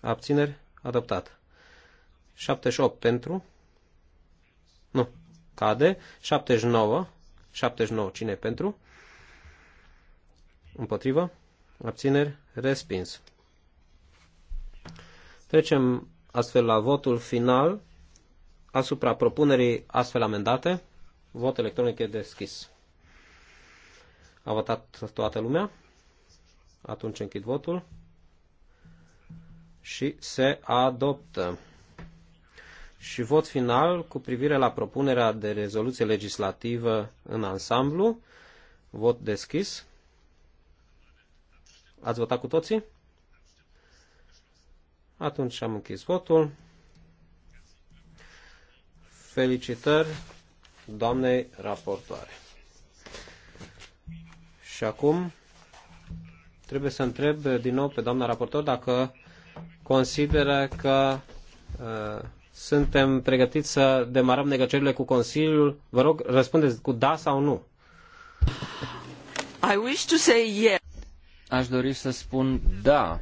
abțineri, adoptat. 78 pentru, nu, cade, 79, 79 cine pentru, împotrivă, abțineri, respins. Trecem astfel la votul final asupra propunerii astfel amendate. Vot electronic e deschis. A votat toată lumea. Atunci închid votul. Și se adoptă. Și vot final cu privire la propunerea de rezoluție legislativă în ansamblu. Vot deschis. Ați votat cu toții? Atunci am închis votul. Felicitări doamnei raportoare. Și acum trebuie să întreb din nou pe doamna raportor dacă consideră că uh, suntem pregătiți să demarăm negocierile cu Consiliul. Vă rog, răspundeți cu da sau nu. I wish to say yes. Aș dori să spun da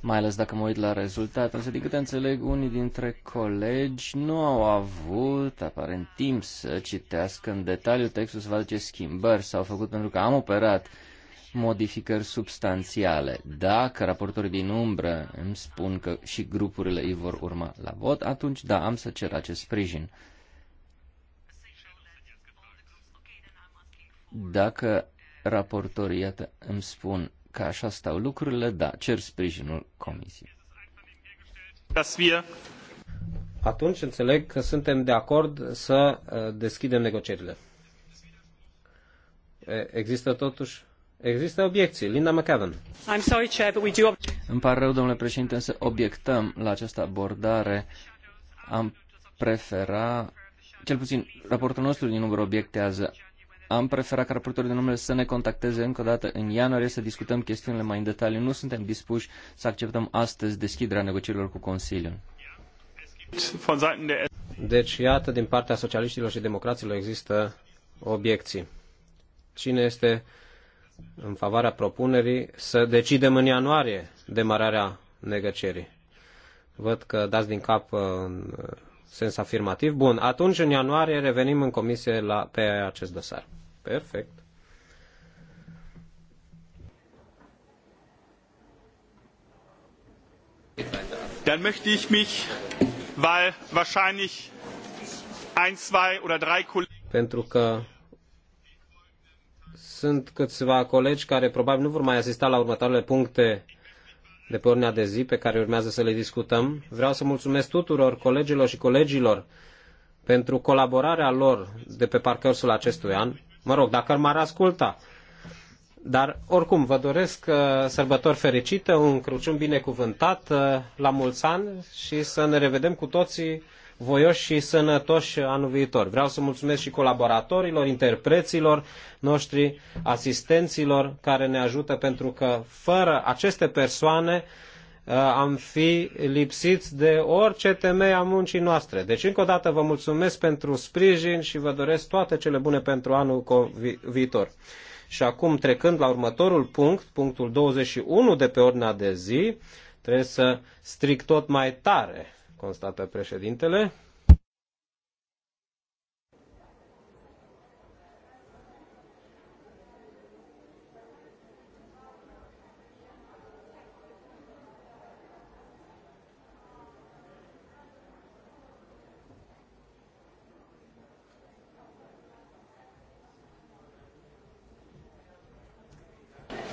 mai ales dacă mă uit la rezultat. Însă, din câte înțeleg, unii dintre colegi nu au avut, aparent, timp să citească în detaliu textul, să vadă ce schimbări s-au făcut, pentru că am operat modificări substanțiale. Dacă raportorii din umbră îmi spun că și grupurile îi vor urma la vot, atunci da, am să cer acest sprijin. Dacă raportorii, iată, îmi spun că așa stau lucrurile, da, cer sprijinul Comisiei. Atunci înțeleg că suntem de acord să uh, deschidem negocierile. Există totuși Există obiecții. Linda McAvan. I'm sorry, Chair, but we do... Îmi pare rău, domnule președinte, să obiectăm la această abordare. Am prefera, cel puțin raportul nostru din număr obiectează am preferat ca raportorul de numele să ne contacteze încă o dată în ianuarie să discutăm chestiunile mai în detaliu. Nu suntem dispuși să acceptăm astăzi deschiderea negocierilor cu Consiliul. Deci, iată, din partea socialiștilor și democraților există obiecții. Cine este în favoarea propunerii să decidem în ianuarie demararea negocierii? Văd că dați din cap uh, în sens afirmativ. Bun, atunci în ianuarie revenim în comisie la, pe acest dosar. Perfect. Dann möchte ich mich, weil wahrscheinlich ein, zwei oder drei Kollegen. Pentru că sunt câțiva colegi care probabil nu vor mai asista la următoarele puncte de pe ordinea de zi pe care urmează să le discutăm. Vreau să mulțumesc tuturor colegilor și colegilor pentru colaborarea lor de pe parcursul acestui an. Mă rog, dacă m-ar asculta. Dar, oricum, vă doresc uh, sărbători fericite, un Crăciun binecuvântat, uh, la mulți ani și să ne revedem cu toții voioși și sănătoși anul viitor. Vreau să mulțumesc și colaboratorilor, interpreților noștri, asistenților care ne ajută, pentru că fără aceste persoane Uh, am fi lipsiți de orice temei a muncii noastre. Deci, încă o dată, vă mulțumesc pentru sprijin și vă doresc toate cele bune pentru anul viitor. Și acum, trecând la următorul punct, punctul 21 de pe ordinea de zi, trebuie să stric tot mai tare, constată președintele.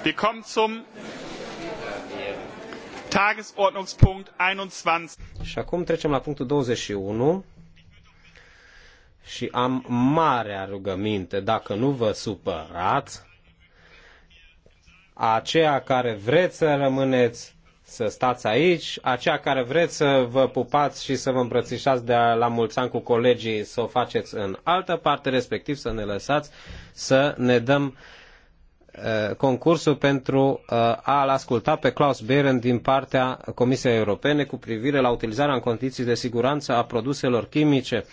Wir kommen zum Tagesordnungspunkt 21. Și acum trecem la punctul 21 și am marea rugăminte, dacă nu vă supărați, aceea care vreți să rămâneți, să stați aici, aceea care vreți să vă pupați și să vă îmbrățișați de la mulți ani cu colegii, să o faceți în altă parte, respectiv să ne lăsați să ne dăm Uh, concursul pentru uh, a-l asculta pe Klaus Berend din partea Comisiei Europene cu privire la utilizarea în condiții de siguranță a produselor chimice.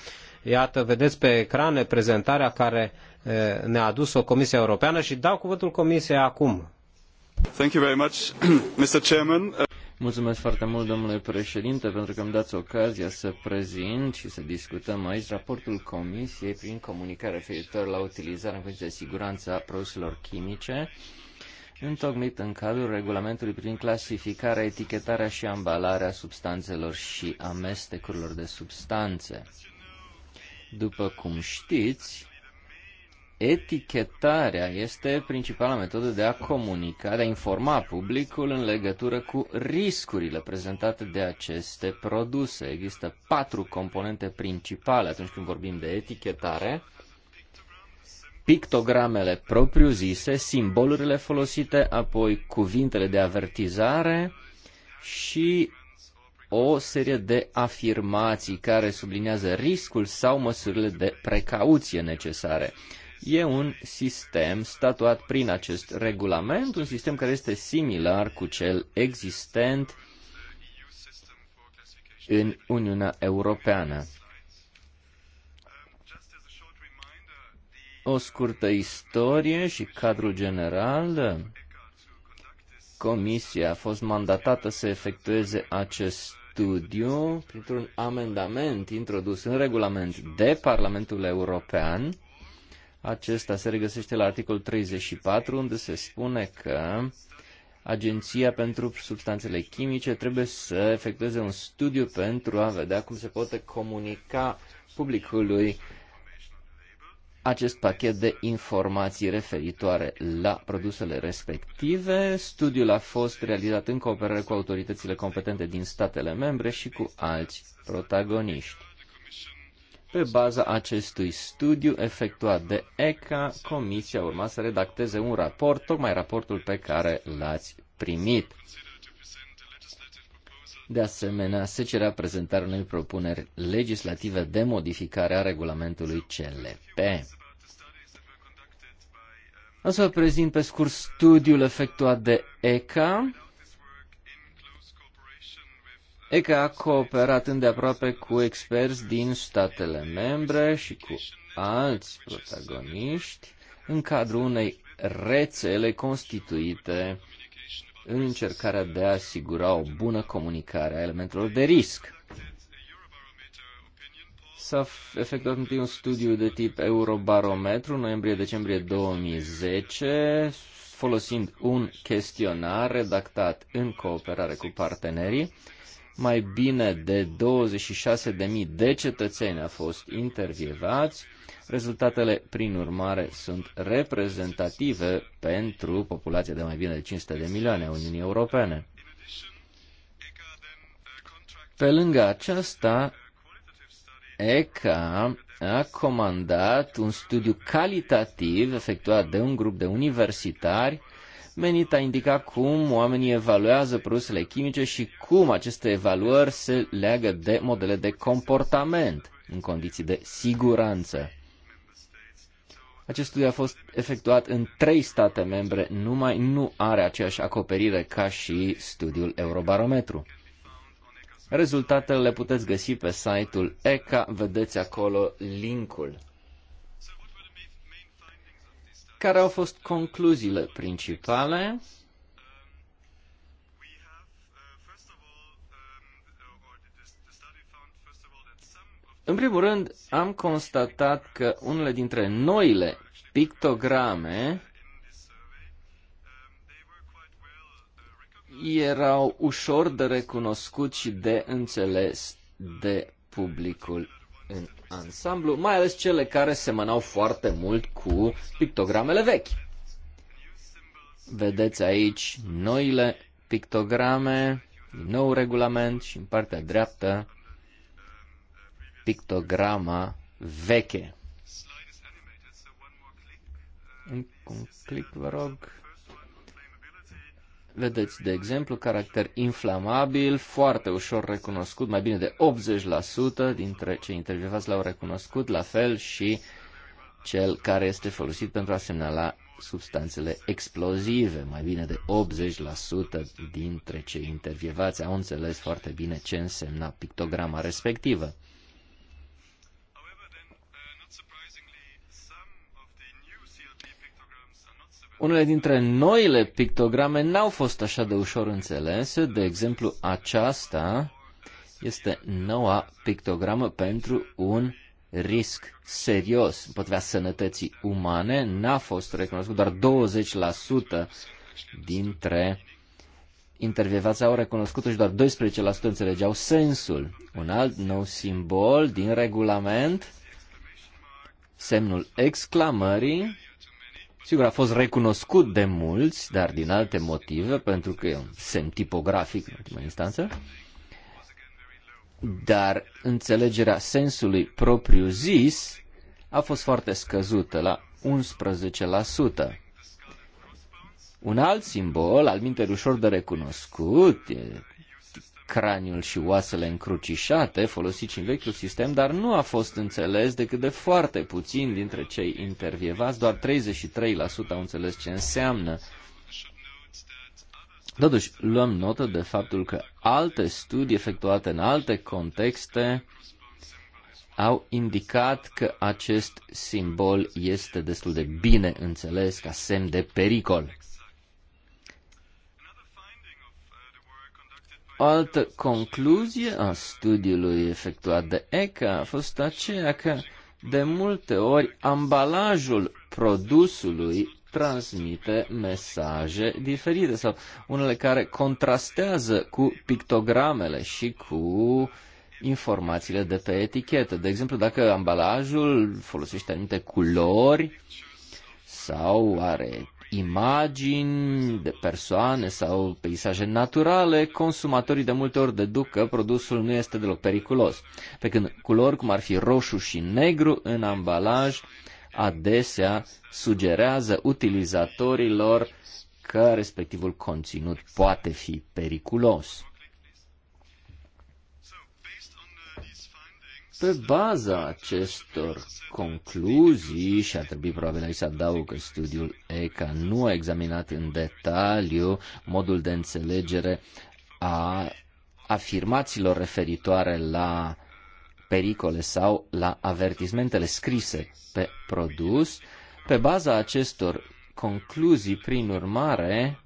Iată, vedeți pe ecrane prezentarea care uh, ne-a adus-o Comisia Europeană și dau cuvântul Comisiei acum. Thank you very much, Mr. Chairman. Mulțumesc foarte mult, domnule președinte, pentru că îmi dați ocazia să prezint și să discutăm aici raportul Comisiei prin comunicare referitor la utilizarea în condiții de siguranță a produselor chimice, întocmit în cadrul regulamentului prin clasificarea, etichetarea și ambalarea substanțelor și amestecurilor de substanțe. După cum știți, Etichetarea este principala metodă de a comunica, de a informa publicul în legătură cu riscurile prezentate de aceste produse. Există patru componente principale atunci când vorbim de etichetare. Pictogramele propriu-zise, simbolurile folosite, apoi cuvintele de avertizare și o serie de afirmații care sublinează riscul sau măsurile de precauție necesare. E un sistem statuat prin acest regulament, un sistem care este similar cu cel existent în Uniunea Europeană. O scurtă istorie și cadrul general. Comisia a fost mandatată să efectueze acest studiu printr-un amendament introdus în regulament de Parlamentul European acesta se regăsește la articolul 34, unde se spune că Agenția pentru Substanțele Chimice trebuie să efectueze un studiu pentru a vedea cum se poate comunica publicului acest pachet de informații referitoare la produsele respective. Studiul a fost realizat în cooperare cu autoritățile competente din statele membre și cu alți protagoniști. Pe baza acestui studiu efectuat de ECA, Comisia urma să redacteze un raport, tocmai raportul pe care l-ați primit. De asemenea, se cerea prezentarea unei propuneri legislative de modificare a regulamentului CLP. O să vă prezint pe scurt studiul efectuat de ECA ECA a cooperat îndeaproape cu experți din statele membre și cu alți protagoniști în cadrul unei rețele constituite în încercarea de a asigura o bună comunicare a elementelor de risc. S-a efectuat întâi un studiu de tip Eurobarometru, noiembrie-decembrie 2010, folosind un chestionar redactat în cooperare cu partenerii mai bine de 26.000 de cetățeni au fost intervievați. Rezultatele, prin urmare, sunt reprezentative pentru populația de mai bine de 500 de milioane a Uniunii Europene. Pe lângă aceasta, ECA a comandat un studiu calitativ efectuat de un grup de universitari menit a indica cum oamenii evaluează produsele chimice și cum aceste evaluări se leagă de modele de comportament în condiții de siguranță. Acest studiu a fost efectuat în trei state membre, numai nu are aceeași acoperire ca și studiul Eurobarometru. Rezultatele le puteți găsi pe site-ul ECA, vedeți acolo linkul. Care au fost concluziile principale? În primul rând, am constatat că unele dintre noile pictograme erau ușor de recunoscut și de înțeles de publicul în ansamblu, mai ales cele care semănau foarte mult cu pictogramele vechi. Vedeți aici noile pictograme, nou regulament și în partea dreaptă pictograma veche. Un click, vă rog. Vedeți, de exemplu, caracter inflamabil, foarte ușor recunoscut, mai bine de 80% dintre cei intervievați l-au recunoscut, la fel și cel care este folosit pentru a semnala substanțele explozive. Mai bine de 80% dintre cei intervievați au înțeles foarte bine ce însemna pictograma respectivă. Unele dintre noile pictograme n-au fost așa de ușor înțelese, de exemplu aceasta este noua pictogramă pentru un risc serios împotriva sănătății umane, n-a fost recunoscut, doar 20% dintre intervievați au recunoscut și doar 12% înțelegeau sensul. Un alt nou simbol din regulament, semnul exclamării, Sigur, a fost recunoscut de mulți, dar din alte motive, pentru că e un semn tipografic în ultima instanță. Dar înțelegerea sensului propriu zis a fost foarte scăzută, la 11%. Un alt simbol, al minte ușor de recunoscut, craniul și oasele încrucișate, folosit și în vechiul sistem, dar nu a fost înțeles decât de foarte puțin dintre cei intervievați, doar 33% au înțeles ce înseamnă. Totuși, luăm notă de faptul că alte studii efectuate în alte contexte au indicat că acest simbol este destul de bine înțeles ca semn de pericol. O altă concluzie a studiului efectuat de ECA a fost aceea că de multe ori ambalajul produsului transmite mesaje diferite sau unele care contrastează cu pictogramele și cu informațiile de pe etichetă. De exemplu, dacă ambalajul folosește anumite culori sau are imagini de persoane sau peisaje naturale, consumatorii de multe ori deduc că produsul nu este deloc periculos. Pe când culori cum ar fi roșu și negru în ambalaj adesea sugerează utilizatorilor că respectivul conținut poate fi periculos. Pe baza acestor concluzii, și ar trebui probabil aici să adaug că studiul ECA nu a examinat în detaliu modul de înțelegere a afirmațiilor referitoare la pericole sau la avertismentele scrise pe produs. Pe baza acestor concluzii, prin urmare,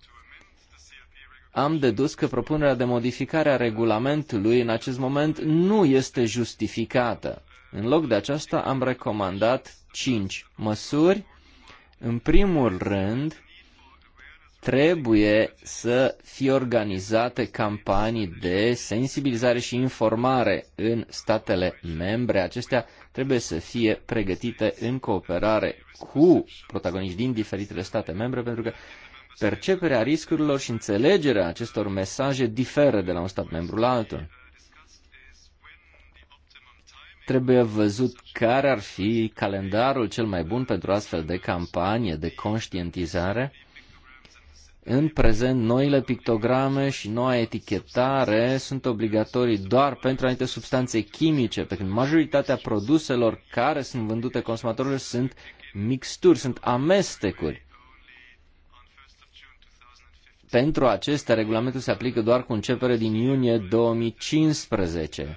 am dedus că propunerea de modificare a regulamentului în acest moment nu este justificată. În loc de aceasta am recomandat cinci măsuri. În primul rând, trebuie să fie organizate campanii de sensibilizare și informare în statele membre. Acestea trebuie să fie pregătite în cooperare cu protagoniști din diferitele state membre, pentru că Perceperea riscurilor și înțelegerea acestor mesaje diferă de la un stat membru la altul. Trebuie văzut care ar fi calendarul cel mai bun pentru astfel de campanie de conștientizare. În prezent, noile pictograme și noua etichetare sunt obligatorii doar pentru anumite substanțe chimice, pentru că majoritatea produselor care sunt vândute consumatorilor sunt mixturi, sunt amestecuri. Pentru acestea, regulamentul se aplică doar cu începere din iunie 2015.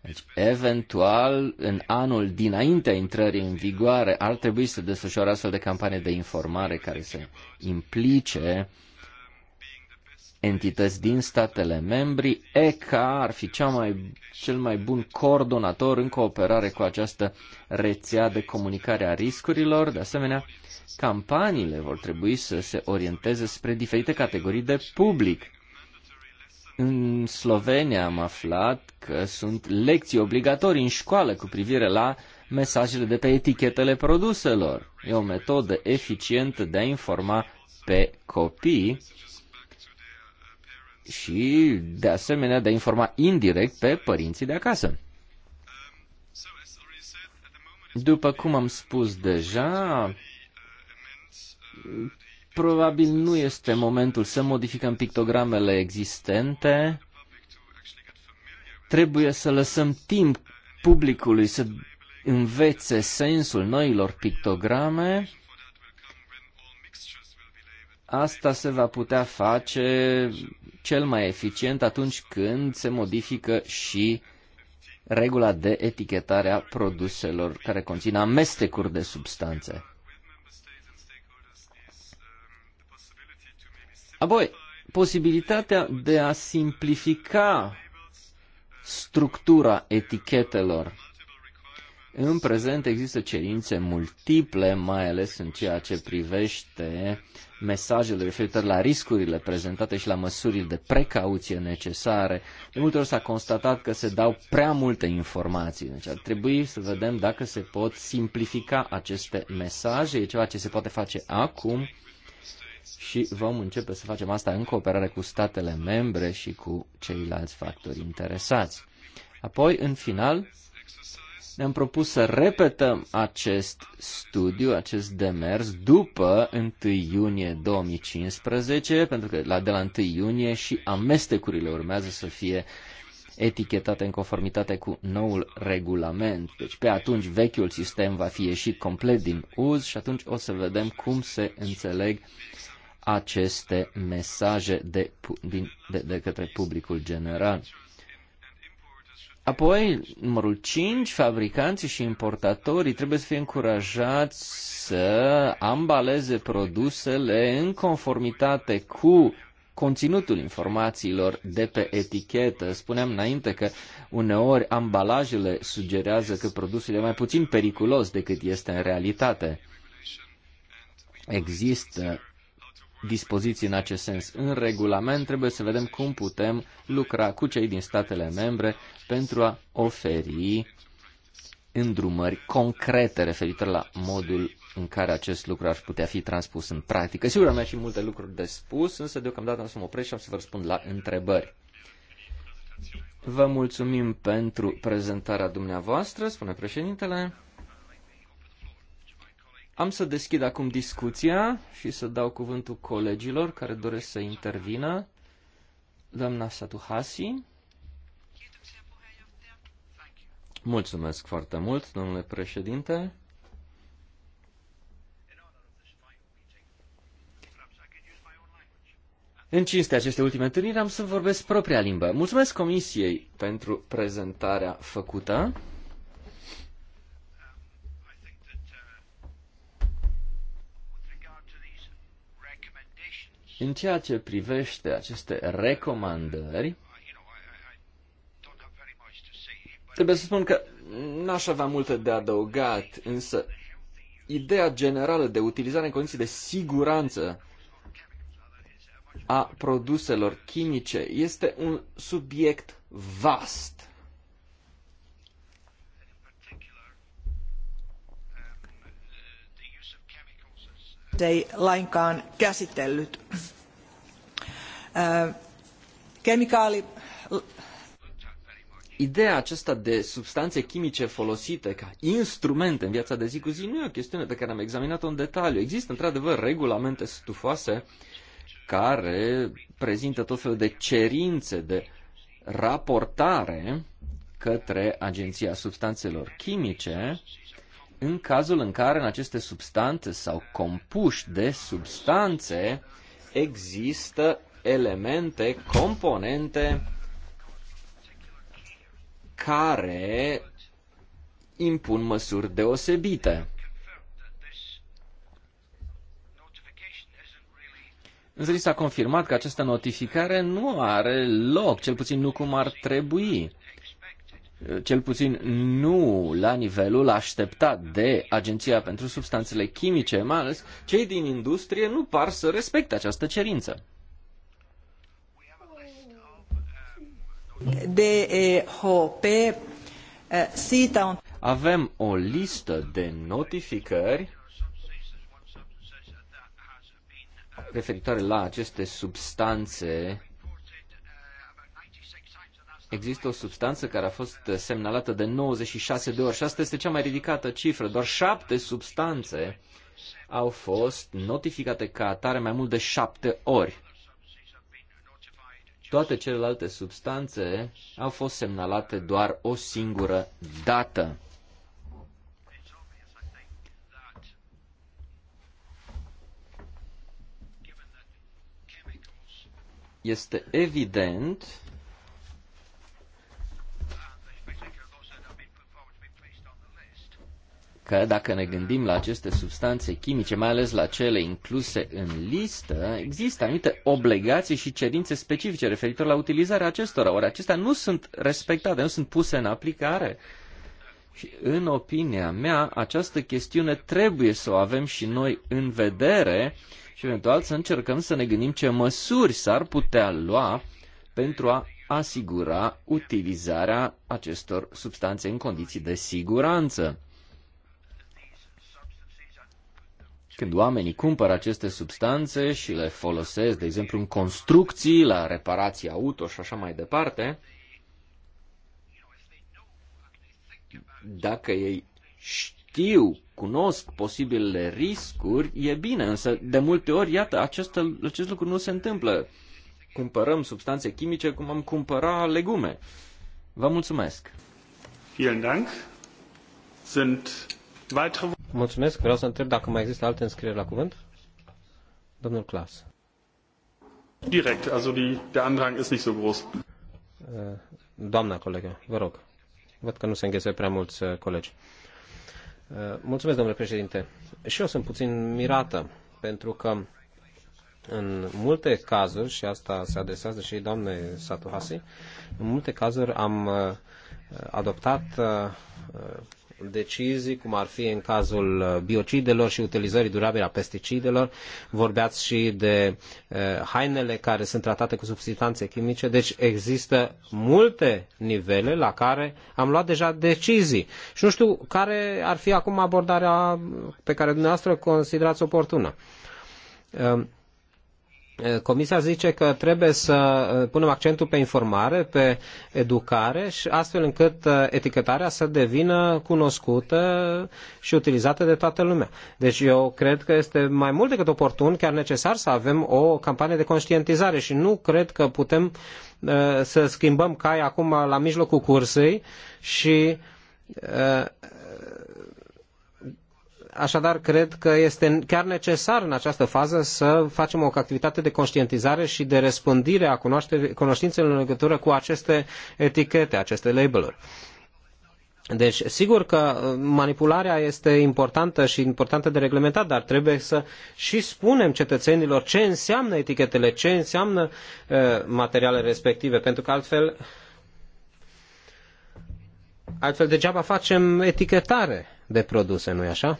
Deci, eventual, în anul dinaintea intrării în vigoare, ar trebui să desfășoare astfel de campanie de informare care să implice entități din statele membri, ECA ar fi cea mai, cel mai bun coordonator în cooperare cu această rețea de comunicare a riscurilor. De asemenea, campaniile vor trebui să se orienteze spre diferite categorii de public. În Slovenia am aflat că sunt lecții obligatorii în școală cu privire la mesajele de pe etichetele produselor. E o metodă eficientă de a informa pe copii și, de asemenea, de a informa indirect pe părinții de acasă. După cum am spus deja, probabil nu este momentul să modificăm pictogramele existente. Trebuie să lăsăm timp publicului să învețe sensul noilor pictograme Asta se va putea face cel mai eficient atunci când se modifică și regula de etichetare a produselor care conțin amestecuri de substanțe. Apoi, posibilitatea de a simplifica structura etichetelor în prezent există cerințe multiple, mai ales în ceea ce privește mesajele referitor la riscurile prezentate și la măsurile de precauție necesare. De multe ori s-a constatat că se dau prea multe informații, deci ar trebui să vedem dacă se pot simplifica aceste mesaje. E ceva ce se poate face acum și vom începe să facem asta în cooperare cu statele membre și cu ceilalți factori interesați. Apoi, în final, ne-am propus să repetăm acest studiu, acest demers, după 1 iunie 2015, pentru că la, de la 1 iunie și amestecurile urmează să fie etichetate în conformitate cu noul regulament. Deci pe atunci vechiul sistem va fi ieșit complet din uz și atunci o să vedem cum se înțeleg aceste mesaje de, de, de către publicul general. Apoi, numărul 5, fabricanții și importatorii trebuie să fie încurajați să ambaleze produsele în conformitate cu conținutul informațiilor de pe etichetă. Spuneam înainte că uneori ambalajele sugerează că produsul e mai puțin periculos decât este în realitate. Există dispoziții în acest sens în regulament, trebuie să vedem cum putem lucra cu cei din statele membre pentru a oferi îndrumări concrete referitor la modul în care acest lucru ar putea fi transpus în practică. Sigur, am și multe lucruri de spus, însă deocamdată am să mă opresc și am să vă răspund la întrebări. Vă mulțumim pentru prezentarea dumneavoastră, spune președintele. Am să deschid acum discuția și să dau cuvântul colegilor care doresc să intervină. Doamna Satuhasi. Mulțumesc foarte mult, domnule președinte. În cinste aceste ultime întâlniri am să vorbesc propria limbă. Mulțumesc Comisiei pentru prezentarea făcută. În ceea ce privește aceste recomandări, trebuie să spun că n-aș avea multe de adăugat, însă ideea generală de utilizare în condiții de siguranță a produselor chimice este un subiect vast. ei lainkaan käsitellyt. Äh, kemikaali... Ideea aceasta de substanțe chimice folosite ca instrumente în viața de zi cu zi nu e o chestiune pe care am examinat-o în detaliu. Există într-adevăr regulamente stufoase care prezintă tot felul de cerințe de raportare către Agenția Substanțelor Chimice în cazul în care în aceste substanțe sau compuși de substanțe există elemente, componente care impun măsuri deosebite. Însă s-a confirmat că această notificare nu are loc, cel puțin nu cum ar trebui. Eh, cel puțin nu la nivelul așteptat de Agenția pentru Substanțele Chimice, mai ales cei din industrie nu par să respecte această cerință. DEHP avem o listă de notificări referitoare la aceste substanțe există o substanță care a fost semnalată de 96 de ori și asta este cea mai ridicată cifră. Doar șapte substanțe au fost notificate ca atare mai mult de șapte ori. Toate celelalte substanțe au fost semnalate doar o singură dată. Este evident că dacă ne gândim la aceste substanțe chimice, mai ales la cele incluse în listă, există anumite obligații și cerințe specifice referitor la utilizarea acestora. Ori acestea nu sunt respectate, nu sunt puse în aplicare. Și în opinia mea, această chestiune trebuie să o avem și noi în vedere și eventual să încercăm să ne gândim ce măsuri s-ar putea lua pentru a asigura utilizarea acestor substanțe în condiții de siguranță. Când oamenii cumpără aceste substanțe și le folosesc, de exemplu, în construcții, la reparații auto și așa mai departe, dacă ei știu, cunosc posibilele riscuri, e bine, însă de multe ori, iată, acest, acest lucru nu se întâmplă. Cumpărăm substanțe chimice cum am cumpăra legume. Vă mulțumesc! Vielen Dank. Sunt weitere Mulțumesc. Vreau să întreb dacă mai există alte înscrieri la cuvânt. Domnul Clas. Direct, also die, der Andrang ist nicht so groß. Uh, doamna colegă, vă rog. Văd că nu se îngheze prea mulți uh, colegi. Uh, mulțumesc, domnule președinte. Și eu sunt puțin mirată, pentru că în multe cazuri, și asta se adresează și doamnei Satuhasi, în multe cazuri am adoptat decizii, cum ar fi în cazul uh, biocidelor și utilizării durabile a pesticidelor. Vorbeați și de uh, hainele care sunt tratate cu substanțe chimice. Deci există multe nivele la care am luat deja decizii. Și nu știu care ar fi acum abordarea pe care dumneavoastră considerați oportună. Um, Comisia zice că trebuie să punem accentul pe informare, pe educare și astfel încât etichetarea să devină cunoscută și utilizată de toată lumea. Deci eu cred că este mai mult decât oportun, chiar necesar să avem o campanie de conștientizare și nu cred că putem să schimbăm cai acum la mijlocul cursei și Așadar, cred că este chiar necesar în această fază să facem o activitate de conștientizare și de răspândire a cunoștințelor în legătură cu aceste etichete, aceste labeluri. Deci, sigur că uh, manipularea este importantă și importantă de reglementat, dar trebuie să și spunem cetățenilor ce înseamnă etichetele, ce înseamnă uh, materialele respective, pentru că altfel, altfel degeaba facem etichetare de produse, nu-i așa?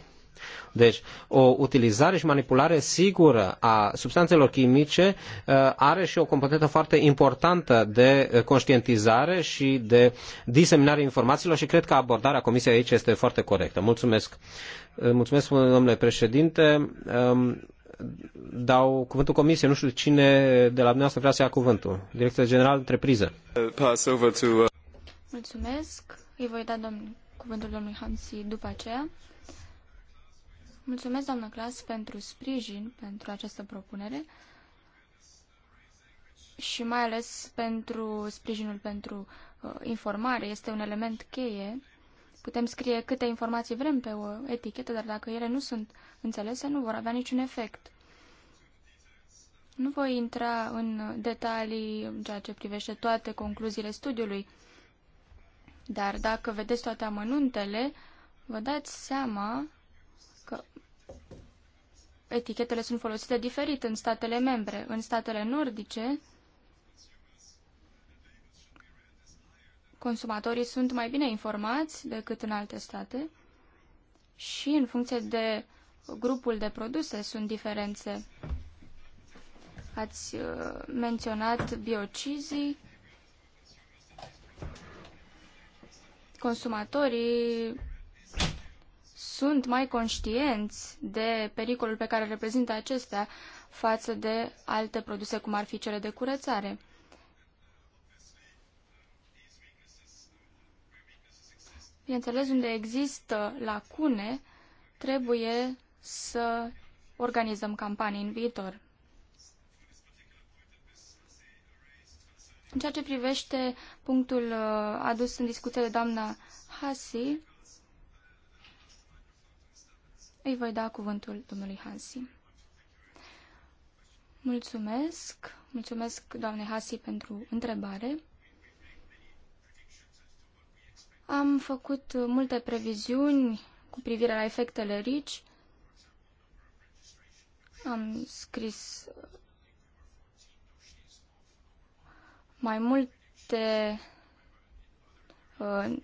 Deci, o utilizare și manipulare sigură a substanțelor chimice uh, are și o componentă foarte importantă de uh, conștientizare și de diseminare informațiilor și cred că abordarea Comisiei aici este foarte corectă. Mulțumesc. Uh, mulțumesc, domnule președinte. Um, dau cuvântul Comisiei. Nu știu cine de la dumneavoastră vrea să ia cuvântul. Direcția General Întrepriză. Mulțumesc. Îi voi da domn, cuvântul domnului Hansi după aceea. Mulțumesc, doamnă Clas, pentru sprijin pentru această propunere și mai ales pentru sprijinul pentru uh, informare. Este un element cheie. Putem scrie câte informații vrem pe o etichetă, dar dacă ele nu sunt înțelese, nu vor avea niciun efect. Nu voi intra în detalii în ceea ce privește toate concluziile studiului, dar dacă vedeți toate amănuntele, vă dați seama etichetele sunt folosite diferit în statele membre. În statele nordice, consumatorii sunt mai bine informați decât în alte state și în funcție de grupul de produse sunt diferențe. Ați uh, menționat biocizii. Consumatorii sunt mai conștienți de pericolul pe care reprezintă acestea față de alte produse, cum ar fi cele de curățare. Bineînțeles, unde există lacune, trebuie să organizăm campanii în viitor. În ceea ce privește punctul uh, adus în discuție de doamna Hasi, îi voi da cuvântul domnului Hansi. Mulțumesc. Mulțumesc, doamne Hasi, pentru întrebare. Am făcut multe previziuni cu privire la efectele RICI. Am scris mai multe, uh,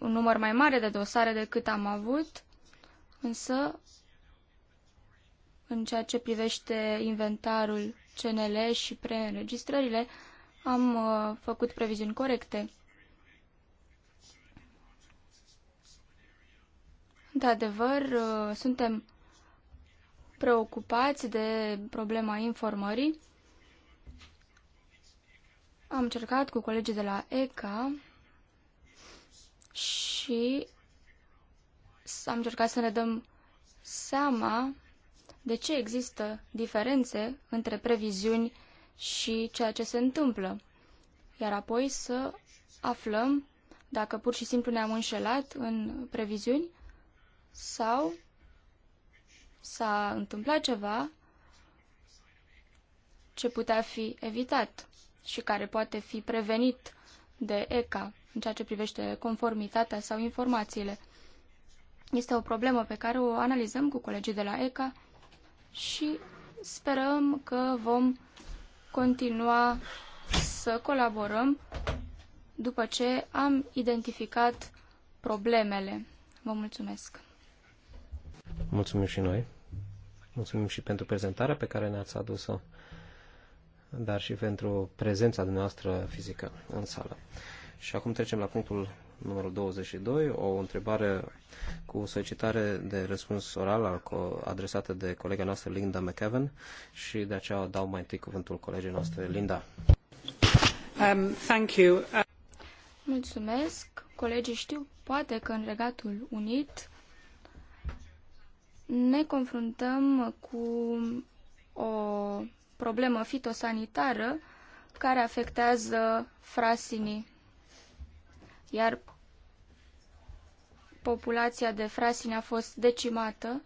un număr mai mare de dosare decât am avut însă în ceea ce privește inventarul CNL și preînregistrările, am uh, făcut previziuni corecte. De adevăr, uh, suntem preocupați de problema informării. Am încercat cu colegii de la ECA și am încercat să ne dăm seama de ce există diferențe între previziuni și ceea ce se întâmplă, iar apoi să aflăm dacă pur și simplu ne-am înșelat în previziuni sau s-a întâmplat ceva ce putea fi evitat și care poate fi prevenit de ECA în ceea ce privește conformitatea sau informațiile. Este o problemă pe care o analizăm cu colegii de la ECA și sperăm că vom continua să colaborăm după ce am identificat problemele. Vă mulțumesc! Mulțumim și noi! Mulțumim și pentru prezentarea pe care ne-ați adus-o, dar și pentru prezența dumneavoastră fizică în sală. Și acum trecem la punctul numărul 22, o întrebare cu solicitare de răspuns oral adresată de colega noastră Linda McEwen și de aceea dau mai întâi cuvântul colegii noastre Linda. Um, thank you. Uh... Mulțumesc. Colegii știu poate că în Regatul Unit ne confruntăm cu o problemă fitosanitară care afectează frasinii iar populația de frasini a fost decimată,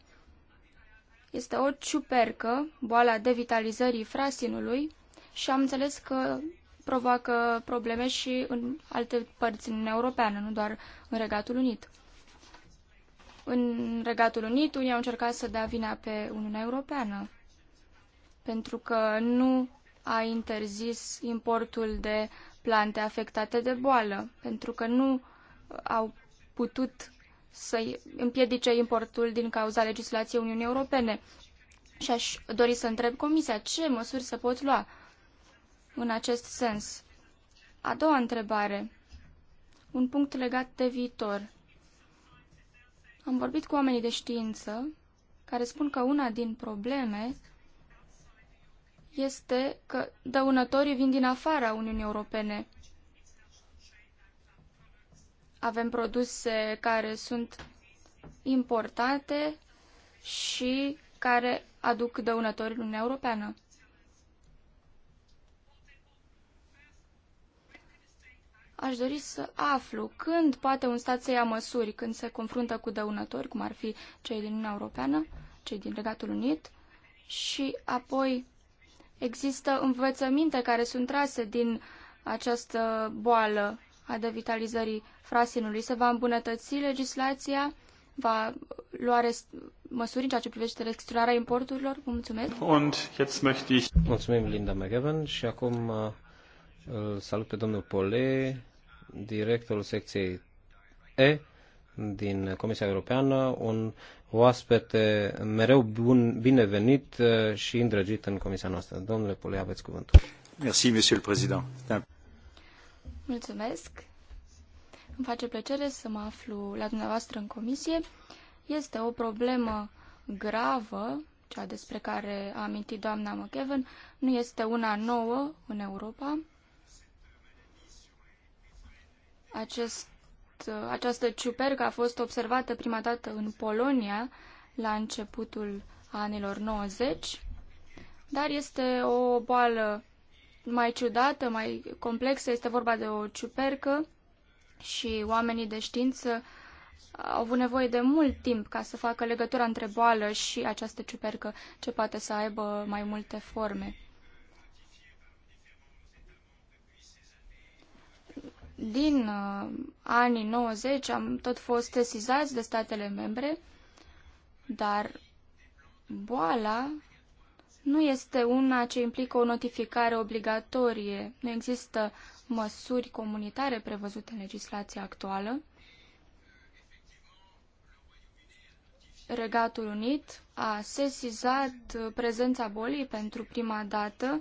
este o ciupercă, boala devitalizării frasinului și am înțeles că provoacă probleme și în alte părți în Europeană, nu doar în Regatul Unit. În Regatul Unit, unii au încercat să dea vina pe Uniunea Europeană, pentru că nu a interzis importul de plante afectate de boală, pentru că nu au putut să împiedice importul din cauza legislației Uniunii Europene. Și aș dori să întreb Comisia ce măsuri se pot lua în acest sens. A doua întrebare, un punct legat de viitor. Am vorbit cu oamenii de știință care spun că una din probleme este că dăunătorii vin din afara Uniunii Europene. Avem produse care sunt importate și care aduc dăunători în Uniunea Europeană. Aș dori să aflu când poate un stat să ia măsuri când se confruntă cu dăunători, cum ar fi cei din Uniunea Europeană, cei din Regatul Unit, și apoi Există învățăminte care sunt trase din această boală a devitalizării frasinului. Se va îmbunătăți legislația, va lua măsuri în ceea ce privește restricționarea importurilor. Vă mulțumesc. Und jetzt möchte ich... Mulțumim, Linda McGavin, Și acum uh, îl salut pe domnul Pole, directorul secției E din Comisia Europeană, un oaspete mereu bun, binevenit uh, și îndrăgit în comisia noastră. Domnule Pule, aveți cuvântul. Merci, monsieur le président. Mulțumesc. Îmi face plăcere să mă aflu la dumneavoastră în comisie. Este o problemă gravă, cea despre care a amintit doamna McEwen, nu este una nouă în Europa. Acest această ciupercă a fost observată prima dată în Polonia la începutul anilor 90, dar este o boală mai ciudată, mai complexă. Este vorba de o ciupercă și oamenii de știință au avut nevoie de mult timp ca să facă legătura între boală și această ciupercă, ce poate să aibă mai multe forme. din uh, anii 90 am tot fost sesizați de statele membre, dar boala nu este una ce implică o notificare obligatorie. Nu există măsuri comunitare prevăzute în legislația actuală. Regatul Unit a sesizat prezența bolii pentru prima dată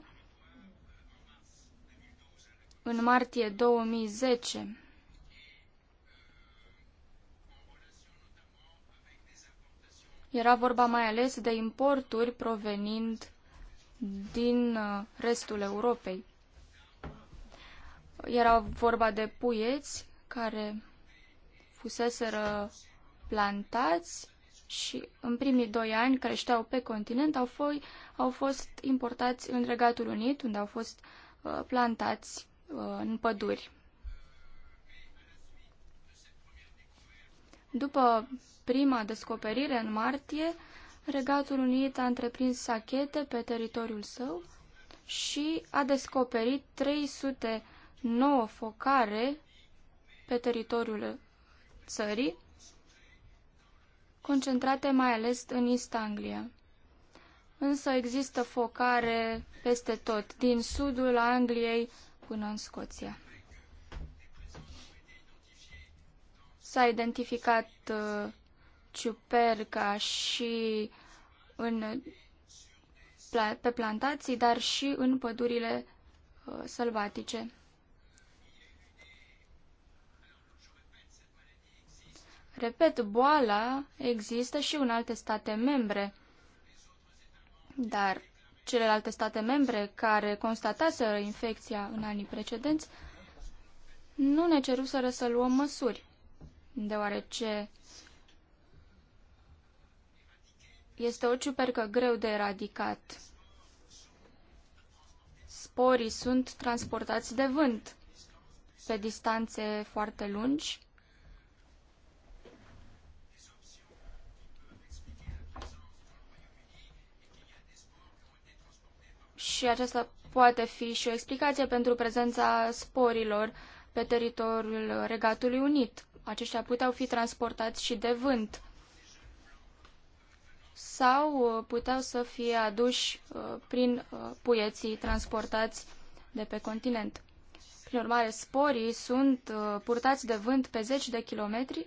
în martie 2010 Era vorba mai ales de importuri provenind din uh, restul Europei. Era vorba de puieți care fuseseră plantați și în primii doi ani creșteau pe continent, au, foi, au fost importați în Regatul Unit, unde au fost uh, plantați Uh, în păduri. După prima descoperire în martie, Regatul Unit a întreprins sachete pe teritoriul său și a descoperit 309 focare pe teritoriul țării, concentrate mai ales în East Anglia. Însă există focare peste tot, din sudul Angliei până în Scoția. S-a identificat uh, ciuperca și în, pe plantații, dar și în pădurile uh, sălbatice. Repet, boala există și în alte state membre, dar celelalte state membre care constataseră infecția în anii precedenți, nu ne ceruseră să luăm măsuri, deoarece este o ciupercă greu de eradicat. Sporii sunt transportați de vânt pe distanțe foarte lungi și aceasta poate fi și o explicație pentru prezența sporilor pe teritoriul Regatului Unit. Aceștia puteau fi transportați și de vânt sau uh, puteau să fie aduși uh, prin uh, puieții transportați de pe continent. Prin urmare, sporii sunt purtați de vânt pe zeci de kilometri,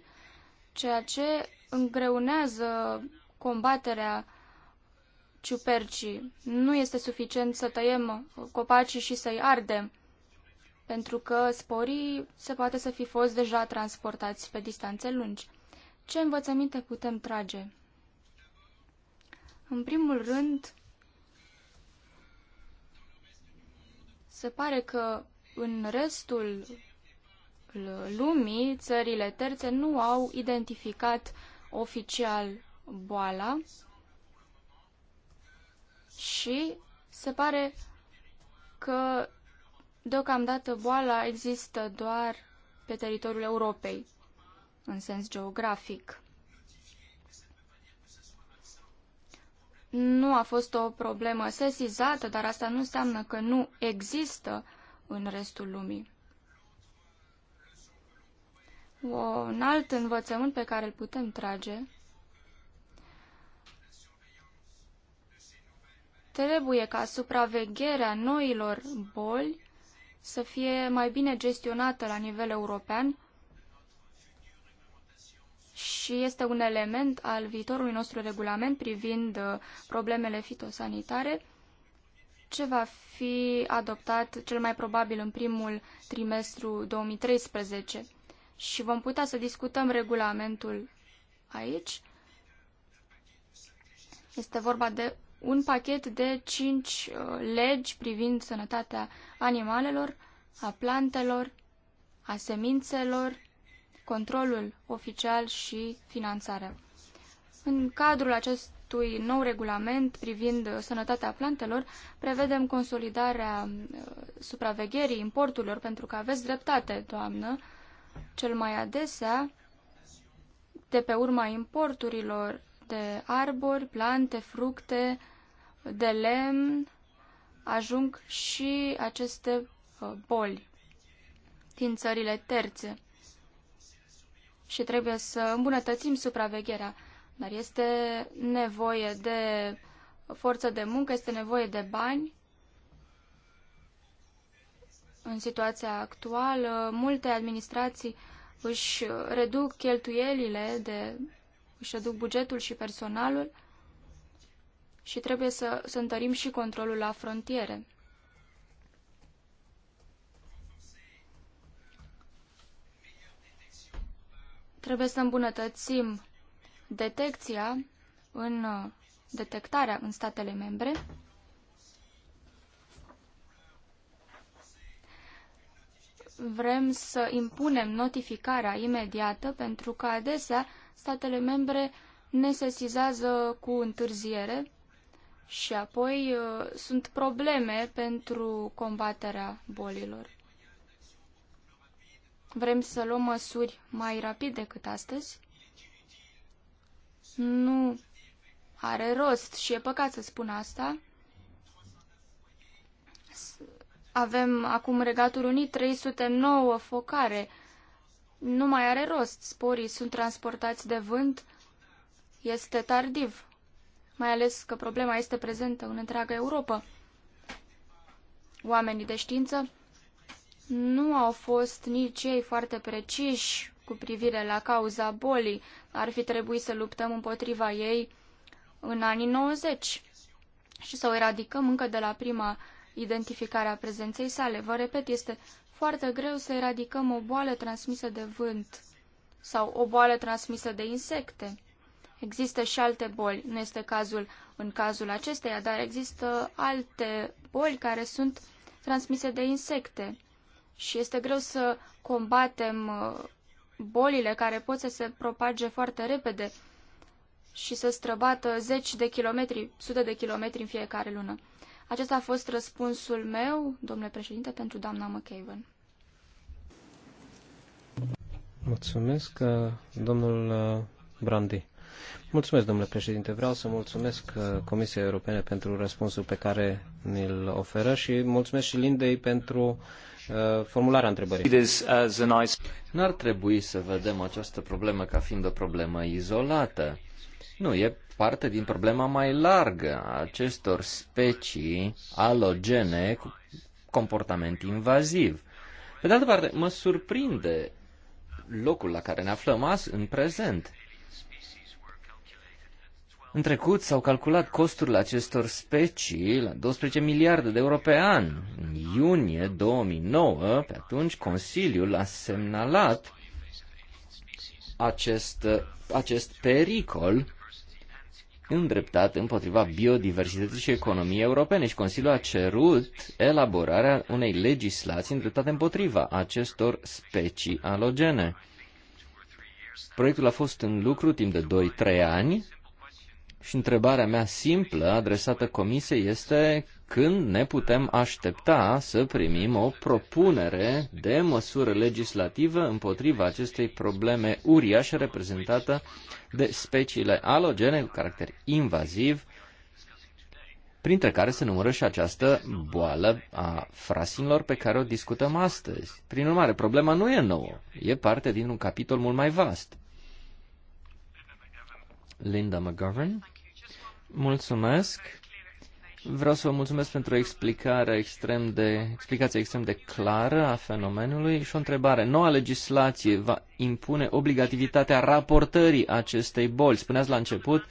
ceea ce îngreunează combaterea ciupercii. Nu este suficient să tăiem copacii și să-i ardem, pentru că sporii se poate să fi fost deja transportați pe distanțe lungi. Ce învățăminte putem trage? În primul rând, se pare că în restul lumii, țările terțe nu au identificat oficial boala și se pare că deocamdată boala există doar pe teritoriul Europei, în sens geografic. Nu a fost o problemă sesizată, dar asta nu înseamnă că nu există în restul lumii. Un alt învățământ pe care îl putem trage Trebuie ca supravegherea noilor boli să fie mai bine gestionată la nivel european și este un element al viitorului nostru regulament privind uh, problemele fitosanitare ce va fi adoptat cel mai probabil în primul trimestru 2013 și vom putea să discutăm regulamentul aici. Este vorba de un pachet de cinci uh, legi privind sănătatea animalelor, a plantelor, a semințelor, controlul oficial și finanțarea. În cadrul acestui nou regulament privind uh, sănătatea plantelor, prevedem consolidarea uh, supravegherii importurilor, pentru că aveți dreptate, doamnă, cel mai adesea, de pe urma importurilor de arbori, plante, fructe, de lemn, ajung și aceste uh, boli din țările terțe. Și trebuie să îmbunătățim supravegherea. Dar este nevoie de forță de muncă, este nevoie de bani. În situația actuală, multe administrații își reduc cheltuielile de își reduc bugetul și personalul și trebuie să, să întărim și controlul la frontiere. Trebuie să îmbunătățim detecția în detectarea în statele membre. Vrem să impunem notificarea imediată pentru că adesea statele membre ne sesizează cu întârziere și apoi uh, sunt probleme pentru combaterea bolilor. Vrem să luăm măsuri mai rapid decât astăzi? Nu are rost și e păcat să spun asta. Avem acum Regatul Unit 309 focare nu mai are rost. Sporii sunt transportați de vânt, este tardiv, mai ales că problema este prezentă în întreaga Europa. Oamenii de știință nu au fost nici ei foarte preciși cu privire la cauza bolii. Ar fi trebuit să luptăm împotriva ei în anii 90 și să o eradicăm încă de la prima identificare a prezenței sale. Vă repet, este foarte greu să eradicăm o boală transmisă de vânt sau o boală transmisă de insecte. Există și alte boli, nu este cazul în cazul acesteia, dar există alte boli care sunt transmise de insecte și este greu să combatem uh, bolile care pot să se propage foarte repede și să străbată zeci de kilometri, sute de kilometri în fiecare lună. Acesta a fost răspunsul meu, domnule președinte, pentru doamna McAven. Mulțumesc, uh, domnul uh, Brandi. Mulțumesc, domnule președinte. Vreau să mulțumesc uh, Comisiei Europene pentru răspunsul pe care ni-l oferă și mulțumesc și Lindei pentru formularea întrebării. N-ar trebui să vedem această problemă ca fiind o problemă izolată. Nu, e parte din problema mai largă a acestor specii alogene cu comportament invaziv. Pe de altă parte, mă surprinde locul la care ne aflăm azi în prezent. În trecut s-au calculat costurile acestor specii la 12 miliarde de euro pe an. În iunie 2009, pe atunci, Consiliul a semnalat acest, acest pericol îndreptat împotriva biodiversității și economiei europene și Consiliul a cerut elaborarea unei legislații îndreptate împotriva acestor specii alogene. Proiectul a fost în lucru timp de 2-3 ani și întrebarea mea simplă adresată comisiei este când ne putem aștepta să primim o propunere de măsură legislativă împotriva acestei probleme uriașe reprezentată de speciile alogene cu caracter invaziv, printre care se numără și această boală a frasinilor pe care o discutăm astăzi. Prin urmare, problema nu e nouă, e parte din un capitol mult mai vast. Linda McGovern, mulțumesc. Vreau să vă mulțumesc pentru explicarea extrem de, explicația extrem de clară a fenomenului și o întrebare. Noua legislație va impune obligativitatea raportării acestei boli. Spuneați la început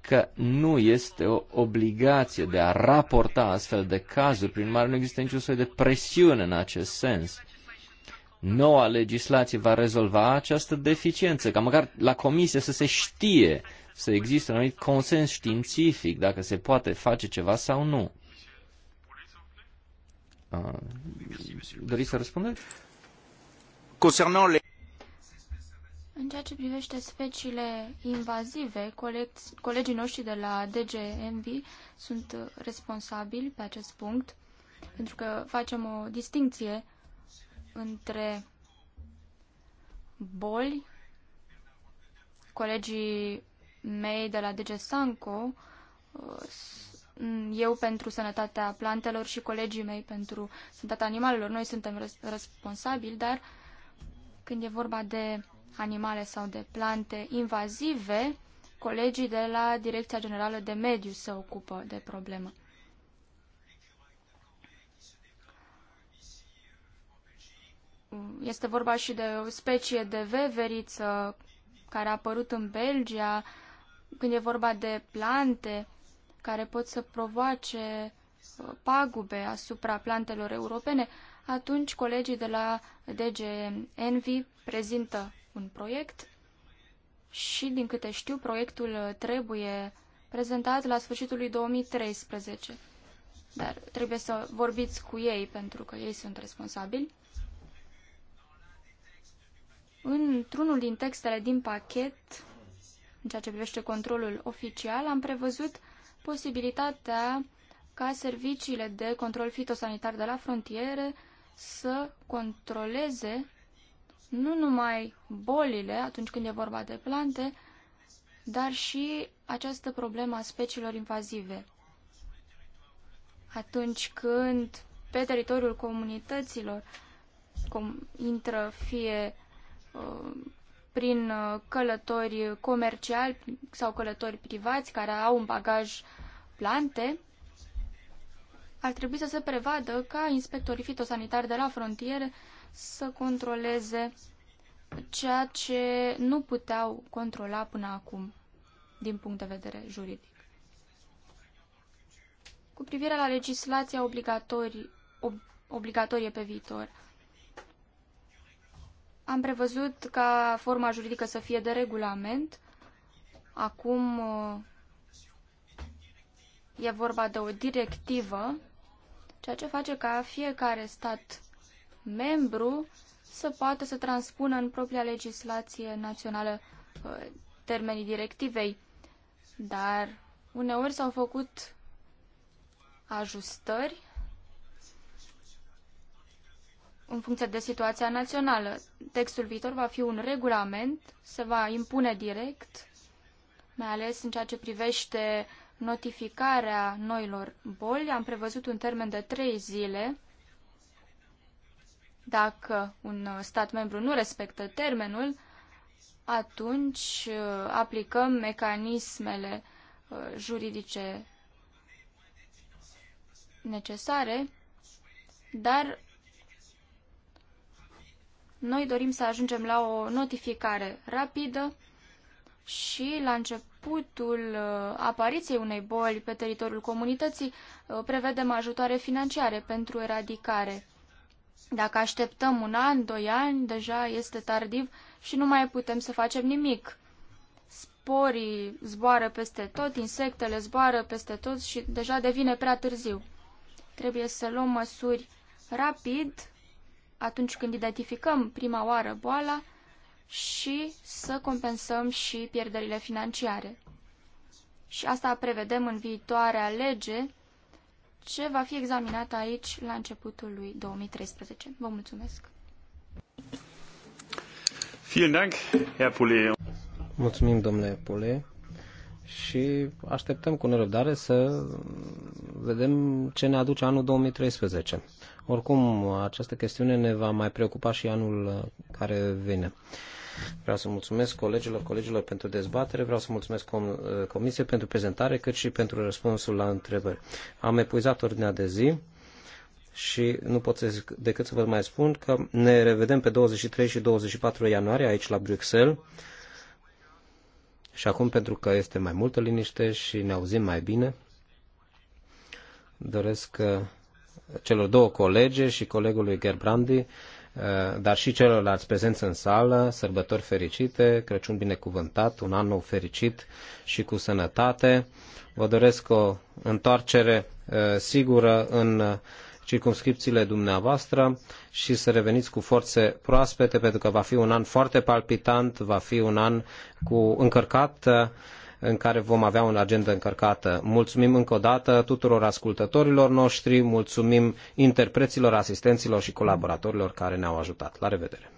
că nu este o obligație de a raporta astfel de cazuri, prin mare nu există niciun soi de presiune în acest sens. Noua legislație va rezolva această deficiență, ca măcar la comisie să se știe să existe un anumit consens științific dacă se poate face ceva sau nu. Uh, doriți să răspundeți? Concernant les... În ceea ce privește speciile invazive, colegi, colegii noștri de la DGMB sunt responsabili pe acest punct, pentru că facem o distinție între boli. Colegii mei de la DG Sanco, uh, eu pentru sănătatea plantelor și colegii mei pentru sănătatea animalelor. Noi suntem responsabili, dar când e vorba de animale sau de plante invazive, colegii de la Direcția Generală de Mediu se ocupă de problemă. Este vorba și de o specie de veveriță care a apărut în Belgia, când e vorba de plante care pot să provoace uh, pagube asupra plantelor europene, atunci colegii de la DG Envy prezintă un proiect și, din câte știu, proiectul trebuie prezentat la sfârșitul lui 2013. Dar trebuie să vorbiți cu ei, pentru că ei sunt responsabili. Într-unul din textele din pachet în ceea ce privește controlul oficial, am prevăzut posibilitatea ca serviciile de control fitosanitar de la frontiere să controleze nu numai bolile atunci când e vorba de plante, dar și această problemă a speciilor invazive. Atunci când pe teritoriul comunităților cum intră fie uh, prin uh, călători comerciali sau călători privați care au un bagaj plante, ar trebui să se prevadă ca inspectorii fitosanitari de la frontiere să controleze ceea ce nu puteau controla până acum, din punct de vedere juridic. Cu privire la legislația obligatorie, ob, obligatorie pe viitor, am prevăzut ca forma juridică să fie de regulament. Acum uh, e vorba de o directivă, ceea ce face ca fiecare stat membru să poată să transpună în propria legislație națională uh, termenii directivei. Dar uneori s-au făcut ajustări în funcție de situația națională. Textul viitor va fi un regulament, se va impune direct, mai ales în ceea ce privește notificarea noilor boli. Am prevăzut un termen de trei zile. Dacă un stat membru nu respectă termenul, atunci uh, aplicăm mecanismele uh, juridice necesare, dar noi dorim să ajungem la o notificare rapidă și la începutul uh, apariției unei boli pe teritoriul comunității uh, prevedem ajutoare financiare pentru eradicare. Dacă așteptăm un an, doi ani, deja este tardiv și nu mai putem să facem nimic. Sporii zboară peste tot, insectele zboară peste tot și deja devine prea târziu. Trebuie să luăm măsuri rapid atunci când identificăm prima oară boala și să compensăm și pierderile financiare. Și asta prevedem în viitoarea lege ce va fi examinată aici la începutul lui 2013. Vă mulțumesc! Mulțumim, domnule Pule, și așteptăm cu nerăbdare să vedem ce ne aduce anul 2013. Oricum, această chestiune ne va mai preocupa și anul uh, care vine. Vreau să mulțumesc colegilor, colegilor pentru dezbatere, vreau să mulțumesc com- uh, comisie pentru prezentare, cât și pentru răspunsul la întrebări. Am epuizat ordinea de zi și nu pot să zic decât să vă mai spun că ne revedem pe 23 și 24 ianuarie aici la Bruxelles. Și acum, pentru că este mai multă liniște și ne auzim mai bine, doresc uh, celor două colege și colegului Gerbrandi, eh, dar și celorlalți prezenți în sală, sărbători fericite, Crăciun binecuvântat, un an nou fericit și cu sănătate. Vă doresc o întoarcere eh, sigură în circumscripțiile dumneavoastră și să reveniți cu forțe proaspete, pentru că va fi un an foarte palpitant, va fi un an cu încărcat eh, în care vom avea o agendă încărcată. Mulțumim încă o dată tuturor ascultătorilor noștri, mulțumim interpreților, asistenților și colaboratorilor care ne-au ajutat. La revedere!